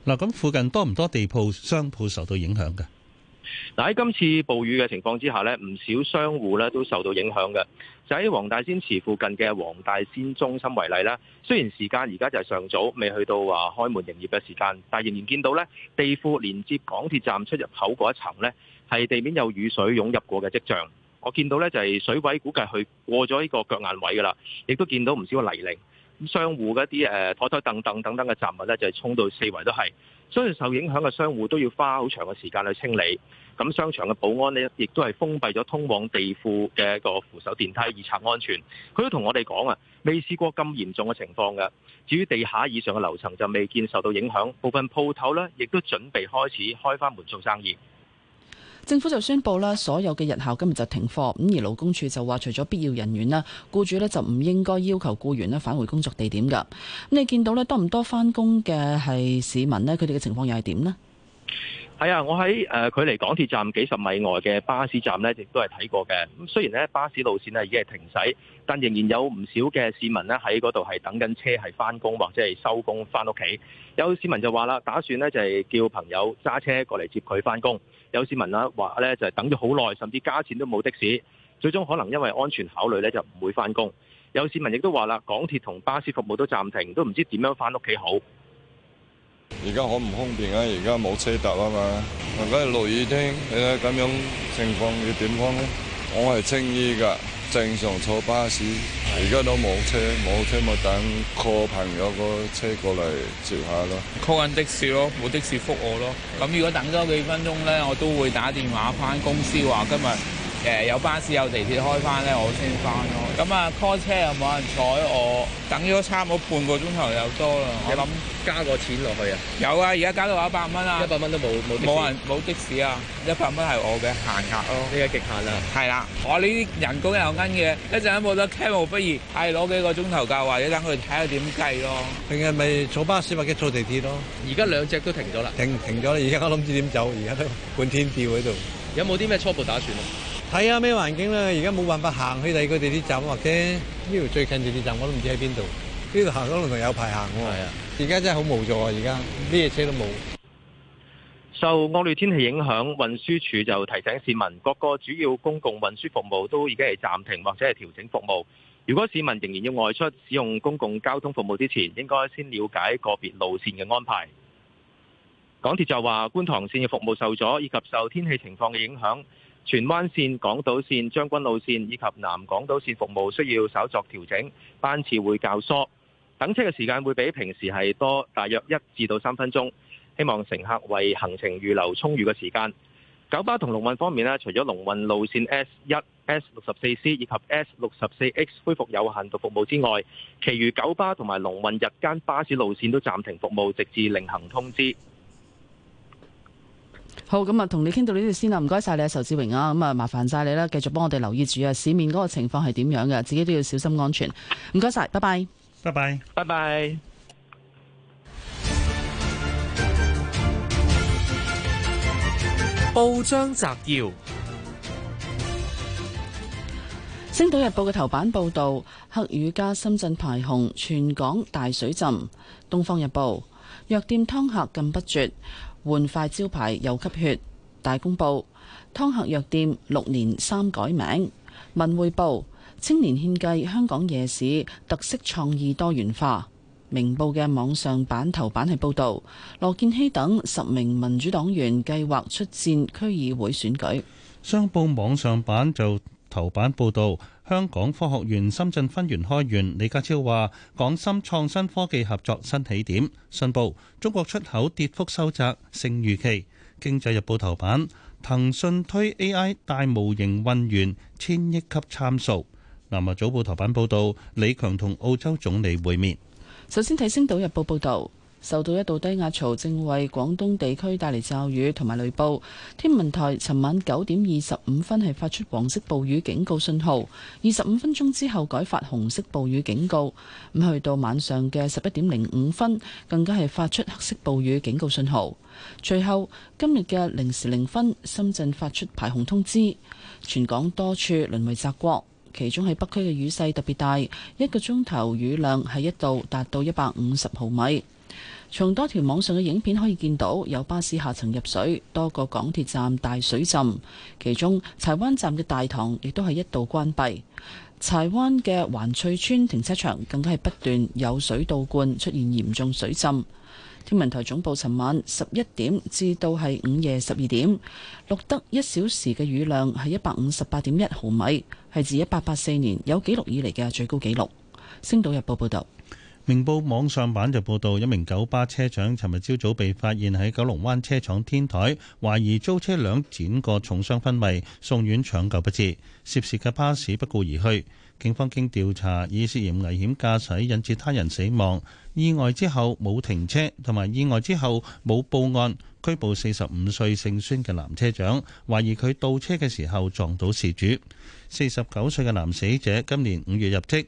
嗱，咁附近多唔多地鋪商鋪受到影響㗎？嗱喺今次暴雨嘅情況之下呢，唔少商戶咧都受到影響嘅。就喺黃大仙祠附近嘅黃大仙中心為例啦，雖然時間而家就係上早，未去到話開門營業嘅時間，但仍然見到呢地庫連接港鐵站出入口嗰一層呢，係地面有雨水湧入過嘅跡象。我見到呢就係水位估計去過咗呢個腳眼位噶啦，亦都見到唔少泥濘，咁商戶嗰啲誒枱枱凳凳等等嘅雜物呢，就係、是、衝到四圍都係。所以受影響嘅商戶都要花好長嘅時間去清理，咁商場嘅保安呢亦都係封閉咗通往地庫嘅一個扶手電梯以策安全。佢都同我哋講啊，未試過咁嚴重嘅情況㗎。至於地下以上嘅樓層就未見受到影響，部分鋪頭呢亦都準備開始開返門做生意。政府就宣布啦，所有嘅日校今日就停課。咁而勞工處就話，除咗必要人員啦，雇主咧就唔應該要求雇員咧返回工作地點噶。咁你見到咧，多唔多返工嘅係市民咧？佢哋嘅情況又係點咧？係啊，我喺誒距離港鐵站幾十米外嘅巴士站呢，亦都係睇過嘅。咁雖然咧巴士路線咧已經係停駛，但仍然有唔少嘅市民呢，喺嗰度係等緊車係翻工或者係收工翻屋企。有市民就話啦，打算呢就係、是、叫朋友揸車過嚟接佢翻工。有市民啦話呢，就係、是、等咗好耐，甚至加錢都冇的士，最終可能因為安全考慮呢，就唔會翻工。有市民亦都話啦，港鐵同巴士服務都暫停，都唔知點樣翻屋企好。而家好唔方便啊！而家冇車搭啊嘛，而家係落雨天，你睇咁樣情況要點方咧？我係青衣噶正常坐巴士，而家的都冇車，冇車咪等 call 朋友個車過嚟接下咯。call 緊的士咯，冇的士覆我咯。咁如果等多幾分鐘咧，我都會打電話返公司話今日。誒有巴士有地鐵開翻咧，我先翻咯。咁啊，call 車又冇人睬我。等咗差唔多半個鐘頭又多啦。你諗、啊、加個錢落去啊？有啊，而家加到一百蚊啦，一百蚊都冇冇冇人冇的士啊！一百蚊係我嘅限額咯，呢個極限啦、啊。係啦，我呢啲人工又奀嘅，一陣冇得聽無不如，係攞幾個鐘頭價或者等佢睇下點計咯。平日咪坐巴士或者坐地鐵咯。而家兩隻都停咗啦，停停咗啦。而家我諗唔知點走，而家都半天吊喺度。有冇啲咩初步打算啊？睇下咩環境啦！而家冇辦法行去第二個地鐵站，或者呢條最近地鐵站我都唔知喺邊度。呢度行嗰路仲有排行喎，係呀，而家真係好無助啊！而家咩車都冇。受惡劣天氣影響，運輸署就提醒市民各個主要公共運輸服務都已經係暫停或者係調整服務。如果市民仍然要外出使用公共交通服務之前，應該先了解個別路線嘅安排。港鐵就話觀塘線嘅服務受阻，以及受天氣情況嘅影響。荃灣線、港島線、將軍澳線以及南港島線服務需要稍作調整，班次會較疏，等車嘅時間會比平時係多大約一至到三分鐘。希望乘客為行程預留充裕嘅時間。九巴同龍運方面咧，除咗龍運路線 S 一、S 六十四 C 以及 S 六十四 X 恢復有限度服務之外，其餘九巴同埋龍運日間巴士路線都暫停服務，直至另行通知。好，咁啊，同你傾到呢度先啦，唔該晒你啊，仇志榮啊，咁啊，麻煩晒你啦，繼續幫我哋留意住啊，市面嗰個情況係點樣嘅，自己都要小心安全，唔該晒，拜拜，拜拜，拜拜。報章摘要，《星島日報》嘅頭版報道：黑雨加深圳排洪，全港大水浸，《東方日報》藥店湯客禁不絕。換塊招牌又吸血。大公報、湯客藥店六年三改名，文匯報、青年獻計香港夜市特色創意多元化，明報嘅網上版頭版係報導羅健熙等十名民主黨員計劃出戰區議會選舉，商報網上版就頭版報導。香港科學園深圳分園開園，李家超話：港深創新科技合作新起點。信報中國出口跌幅收窄，勝預期。經濟日報頭版，騰訊推 AI 大模型混元千億級參數。南亞早報頭版報導，李強同澳洲總理會面。首先睇《星島日報》報導。受到一道低壓槽，正為廣東地區帶嚟驟雨同埋雷暴。天文台尋晚九點二十五分係發出黃色暴雨警告信號，二十五分鐘之後改發紅色暴雨警告。咁去到晚上嘅十一點零五分，更加係發出黑色暴雨警告信號，隨後今日嘅零時零分，深圳發出排洪通知，全港多處淪為澤國，其中喺北區嘅雨勢特別大，一個鐘頭雨量係一度達到一百五十毫米。從多條網上嘅影片可以見到，有巴士下層入水，多個港鐵站大水浸，其中柴灣站嘅大堂亦都係一度關閉。柴灣嘅環翠村停車場更加係不斷有水倒灌，出現嚴重水浸。天文台總部尋晚十一點至到係午夜十二點錄得一小時嘅雨量係一百五十八點一毫米，係自一八八四年有記錄以嚟嘅最高紀錄。星島日報報道。明報網上版就報道，一名九巴車長尋日朝早被發現喺九龍灣車廠天台，懷疑遭車輛輾過重傷昏迷送院搶救不治，涉事嘅巴士不顧而去。警方經調查，以涉嫌危險駕駛引致他人死亡、意外之後冇停車同埋意外之後冇報案，拘捕四十五歲姓孫嘅男車長，懷疑佢倒車嘅時候撞到事主。四十九歲嘅男死者今年五月入職。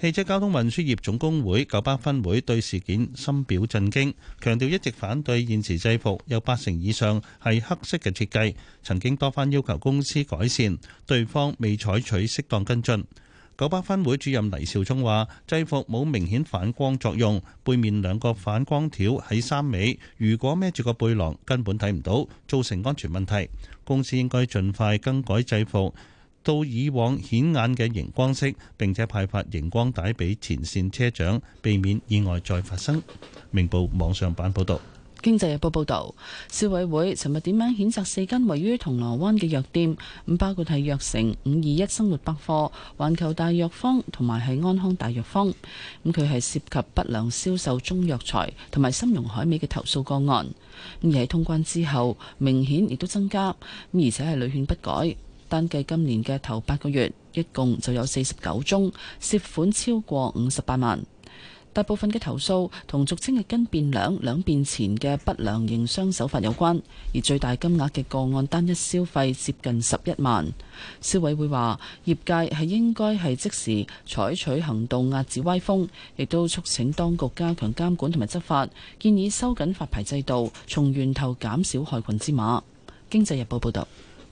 汽車交通運輸業總工會九巴分會對事件深表震驚，強調一直反對現時制服有八成以上係黑色嘅設計，曾經多番要求公司改善，對方未採取適當跟進。九巴分會主任黎兆聰話：制服冇明顯反光作用，背面兩個反光條喺衫尾，如果孭住個背囊根本睇唔到，造成安全問題。公司應該盡快更改制服。到以往顯眼嘅熒光色，並且派發熒光帶俾前線車長，避免意外再發生。明報網上版報導，《經濟日報》報導，消委會尋日點樣譴責四間位於銅鑼灣嘅藥店，咁包括係藥城、五二一生活百貨、環球大藥方同埋係安康大藥方，咁佢係涉及不良銷售中藥材同埋參茸海味嘅投訴個案，而喺通關之後，明顯亦都增加，而且係屢勸不改。單計今年嘅頭八個月，一共就有四十九宗，涉款超過五十八萬，大部分嘅投訴同俗稱嘅「斤變兩、兩變前嘅不良營商手法有關，而最大金額嘅個案單一消費接近十一萬。消委會話，業界係應該係即時採取行動壓止歪風，亦都促請當局加強監管同埋執法，建議收緊發牌制度，從源頭減少害群之馬。經濟日報報道。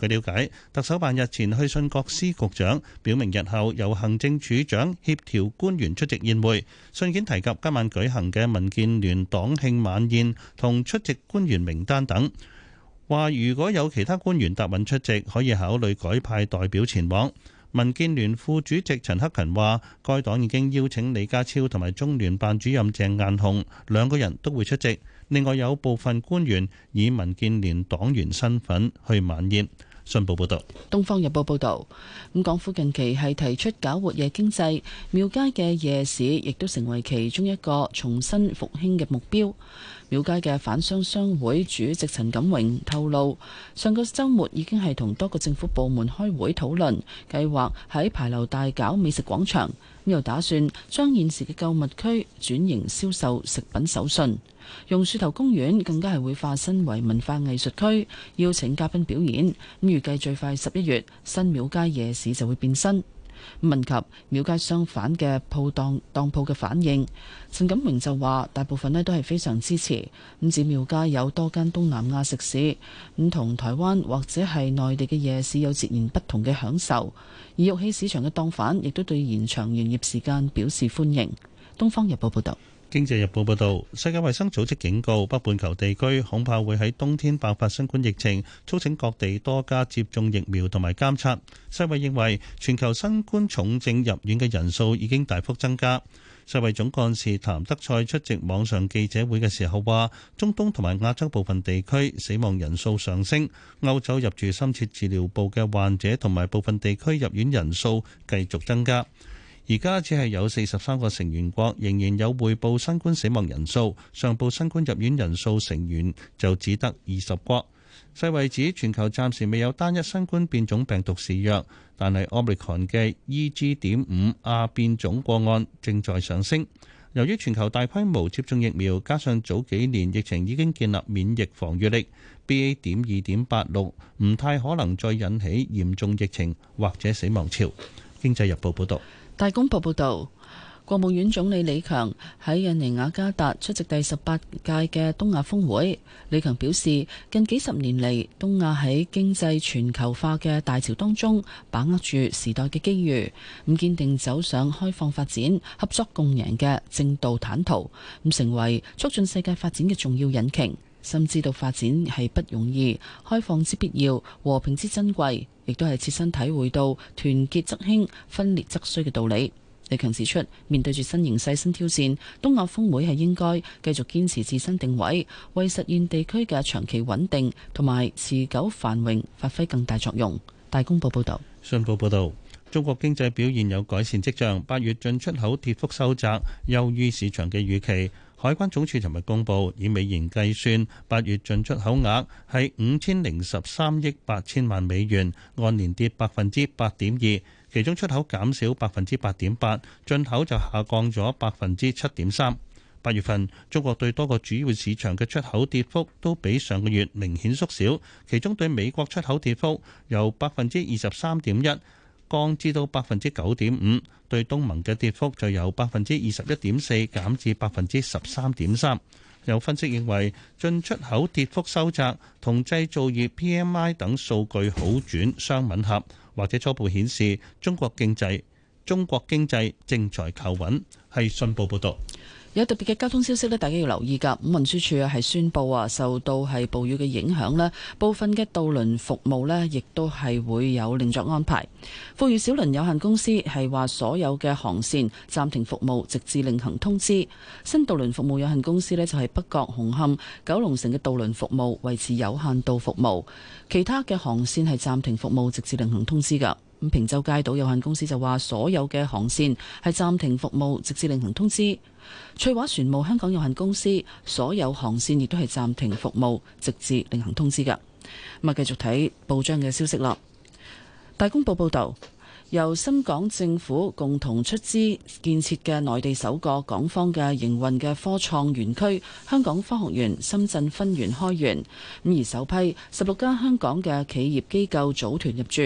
據了解，特首辦日前去信各司局長，表明日後由行政署長協調官員出席宴會。信件提及今晚舉行嘅民建聯黨慶晚宴同出席官員名單等，話如果有其他官員答允出席，可以考慮改派代表前往。民建聯副主席陳克勤話，該黨已經邀請李家超同埋中聯辦主任鄭雁雄兩個人都會出席，另外有部分官員以民建聯黨員身份去晚宴。信報報導，《東方日報》報導，咁港府近期係提出搞活夜經濟，廟街嘅夜市亦都成為其中一個重新復興嘅目標。廟街嘅反商商會主席陳錦榮透露，上個周末已經係同多個政府部門開會討論，計劃喺牌樓大搞美食廣場，又打算將現時嘅購物區轉型銷售食品手信。榕樹頭公園更加係會化身為文化藝術區，邀請嘉賓表演。預計最快十一月，新廟街夜市就會變身。問及廟街相反嘅鋪檔當鋪嘅反應，陳錦榮就話：大部分咧都係非常支持。唔止廟街有多間東南亞食肆，唔同台灣或者係內地嘅夜市有截然不同嘅享受。而玉器市場嘅檔販亦都對延長營業時間表示歡迎。《東方日報》報道。《經濟日報》報導，世界衛生組織警告北半球地區恐怕會喺冬天爆發新冠疫情，促請各地多加接種疫苗同埋監測。世衛認為全球新冠重症入院嘅人數已經大幅增加。世衛總幹事譚德塞出席網上記者會嘅時候話，中東同埋亞洲部分地區死亡人數上升，歐洲入住深切治療部嘅患者同埋部分地區入院人數繼續增加。而家只係有四十三個成員國仍然有匯報新冠死亡人數，上報新冠入院人數成員就只得二十國。世衞指全球暫時未有單一新冠變種病毒肆虐，但係 Omicron 嘅 E.G. 點五亞變種個案正在上升。由於全球大規模接種疫苗，加上早幾年疫情已經建立免疫防禦力，B.A. 點二點八六唔太可能再引起嚴重疫情或者死亡潮。經濟日報報導。大公報報道，國務院總理李強喺印尼雅加達出席第十八屆嘅東亞峰會。李強表示，近幾十年嚟，東亞喺經濟全球化嘅大潮當中，把握住時代嘅機遇，唔堅定走上開放發展、合作共贏嘅正道坦途，咁成為促進世界發展嘅重要引擎。深知到發展係不容易，開放之必要，和平之珍貴，亦都係切身體會到團結則興，分裂則衰嘅道理。李強指出，面對住新形勢新挑戰，東亞峯會係應該繼續堅持自身定位，為實現地區嘅長期穩定同埋持久繁榮發揮更大作用。大公報報道，信報報導，中國經濟表現有改善跡象，八月進出口跌幅收窄，優於市場嘅預期。海關總署尋日公布，以美元計算，八月進出口額係五千零十三億八千萬美元，按年跌百分之八點二。其中出口減少百分之八點八，進口就下降咗百分之七點三。八月份中國對多個主要市場嘅出口跌幅都比上個月明顯縮小，其中對美國出口跌幅由百分之二十三點一。降至到百分之九點五，對東盟嘅跌幅就由百分之二十一點四，減至百分之十三點三。有分析認為進出口跌幅收窄同製造業 PMI 等數據好轉相吻合，或者初步顯示中國經濟中國經濟正在求穩，係信報報道。有特別嘅交通消息咧，大家要留意㗎。咁運輸署係宣布話，受到係暴雨嘅影響咧，部分嘅渡輪服務咧，亦都係會有另作安排。富裕小輪有限公司係話，所有嘅航線暫停服務，直至另行通知。新渡輪服務有限公司咧，就係北角、紅磡、九龍城嘅渡輪服務維持有限度服務，其他嘅航線係暫停服務，直至另行通知㗎。平洲街道有限公司就話，所有嘅航線係暫停服務，直至另行通知。翠華船務香港有限公司所有航線亦都係暫停服務，直至另行通知。噶咁，繼續睇報章嘅消息啦。大公報報道，由深港政府共同出資建設嘅內地首個港方嘅營運嘅科創園區——香港科學園深圳分園開園，咁而首批十六間香港嘅企業機構組團入住。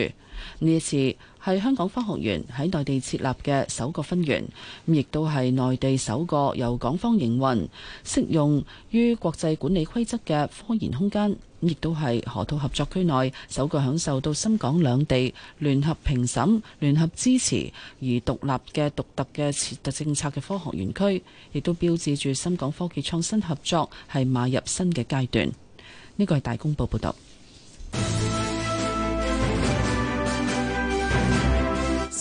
呢一次係香港科學園喺內地設立嘅首個分園，亦都係內地首個由港方營運、適用於國際管理規則嘅科研空間，亦都係河套合作區內首個享受到深港兩地聯合評審、聯合支持而獨立嘅獨特嘅特政策嘅科學園區，亦都標誌住深港科技創新合作係邁入新嘅階段。呢個係大公報報導。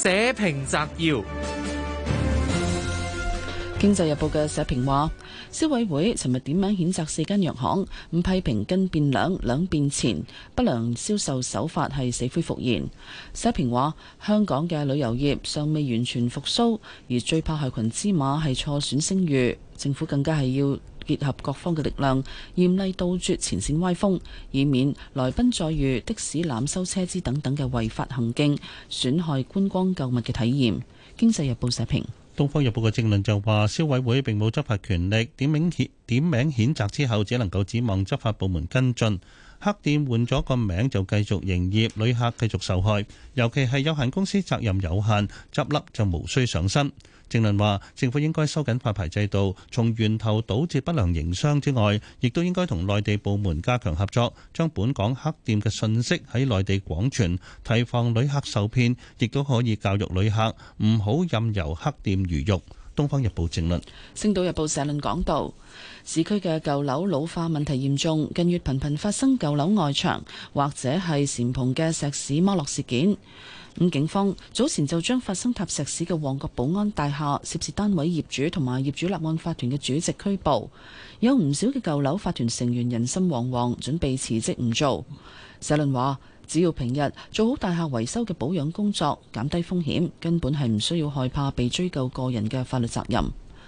社評摘要：經濟日報嘅社評話，消委會尋日點名譴責四間藥行，唔批評斤變兩，兩變錢，不良銷售手法係死灰復燃。社評話，香港嘅旅遊業尚未完全復蘇，而最怕係害群之馬係錯損聲譽，政府更加係要，結合各方嘅力量，嚴厲杜絕前線歪風，以免來賓再遇的士濫收車資等等嘅違法行徑，損害觀光購物嘅體驗。經濟日報社評，東方日報嘅正論就話，消委會並冇執法權力，點名點名譴責之後，只能夠指望執法部門跟進。黑店換咗個名就繼續營業，旅客繼續受害。尤其係有限公司責任有限，執笠就無需上身。政論話，政府應該收緊發牌制度，從源頭杜絕不良營商之外，亦都應該同內地部門加強合作，將本港黑店嘅信息，喺內地廣傳，提防旅客受騙，亦都可以教育旅客唔好任由黑店魚肉。《東方日報》政論，《星島日報》社論講道：市區嘅舊樓老化問題嚴重，近月頻頻發生舊樓外牆或者係簷篷嘅石屎剝落事件。咁警方早前就將發生塌石屎嘅旺角保安大廈涉事單位業主同埋業主立案法團嘅主席拘捕，有唔少嘅舊樓法團成員人心惶惶，準備辭職唔做。社論話。只要平日做好大廈維修嘅保養工作，減低風險，根本係唔需要害怕被追究個人嘅法律責任。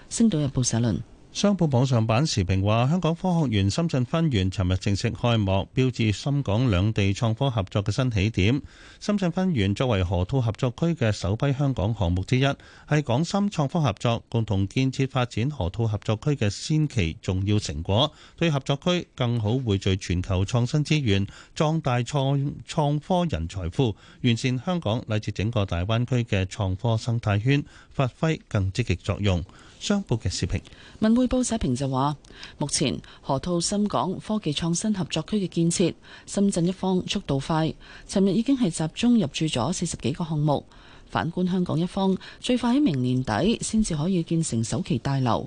星島日報社論。商報網上版時評話：香港科學園深圳分園尋日正式開幕，標誌深港兩地創科合作嘅新起點。深圳分園作為河套合作區嘅首批香港項目之一，係港深創科合作、共同建設發展河套合作區嘅先期重要成果，對合作區更好匯聚全球創新資源、壯大創創科人財富、完善香港乃至整個大灣區嘅創科生態圈，發揮更積極作用。商報嘅視頻，文匯報社評就話：目前河套深港科技創新合作區嘅建設，深圳一方速度快，尋日已經係集中入駐咗四十幾個項目。反觀香港一方，最快喺明年底先至可以建成首期大樓。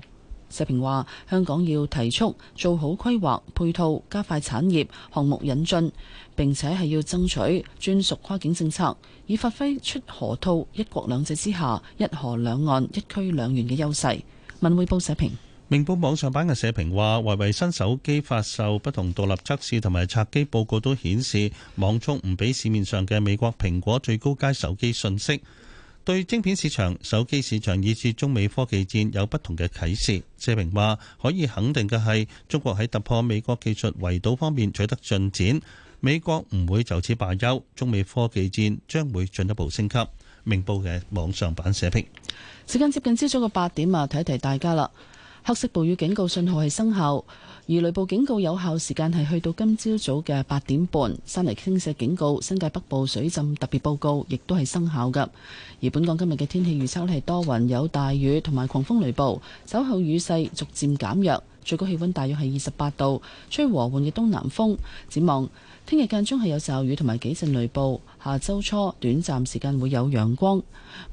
社評話：香港要提速，做好規劃配套，加快產業項目引進。並且係要爭取專屬跨境政策，以發揮出河套一國兩制之下一河兩岸一區兩園嘅優勢，文匯報社評。明報網上版嘅社評話，維維新手機發售不同獨立測試同埋拆機報告都顯示網速唔比市面上嘅美國蘋果最高階手機遜色，對晶片市場、手機市場以至中美科技戰有不同嘅啟示。社評話可以肯定嘅係中國喺突破美國技術圍堵方面取得進展。美國唔會就此罷休，中美科技戰將會進一步升級。明報嘅網上版社評。時間接近朝早嘅八點啊，提一提大家啦。黑色暴雨警告信號係生效，而雷暴警告有效時間係去到今朝早嘅八點半。山泥傾瀉警告、新界北部水浸特別報告亦都係生效嘅。而本港今日嘅天氣預測咧係多雲有大雨同埋狂風雷暴，稍後雨勢逐漸減弱，最高氣温大約係二十八度，吹和緩嘅東南風。展望。聽日間中係有驟雨同埋幾陣雷暴，下周初短暫時間會有陽光。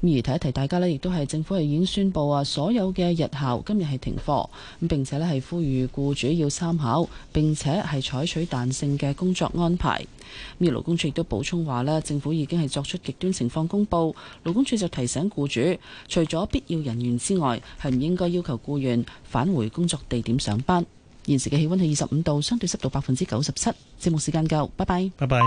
而提一提大家呢，亦都係政府係已經宣布啊，所有嘅日校今日係停課，咁並且呢係呼籲僱主要參考並且係採取彈性嘅工作安排。而勞工處亦都補充話呢，政府已經係作出極端情況公佈，勞工處就提醒僱主，除咗必要人員之外，係唔應該要求僱員返回工作地點上班。現時嘅氣溫係二十五度，相對濕度百分之九十七。節目時間夠，拜拜。拜拜。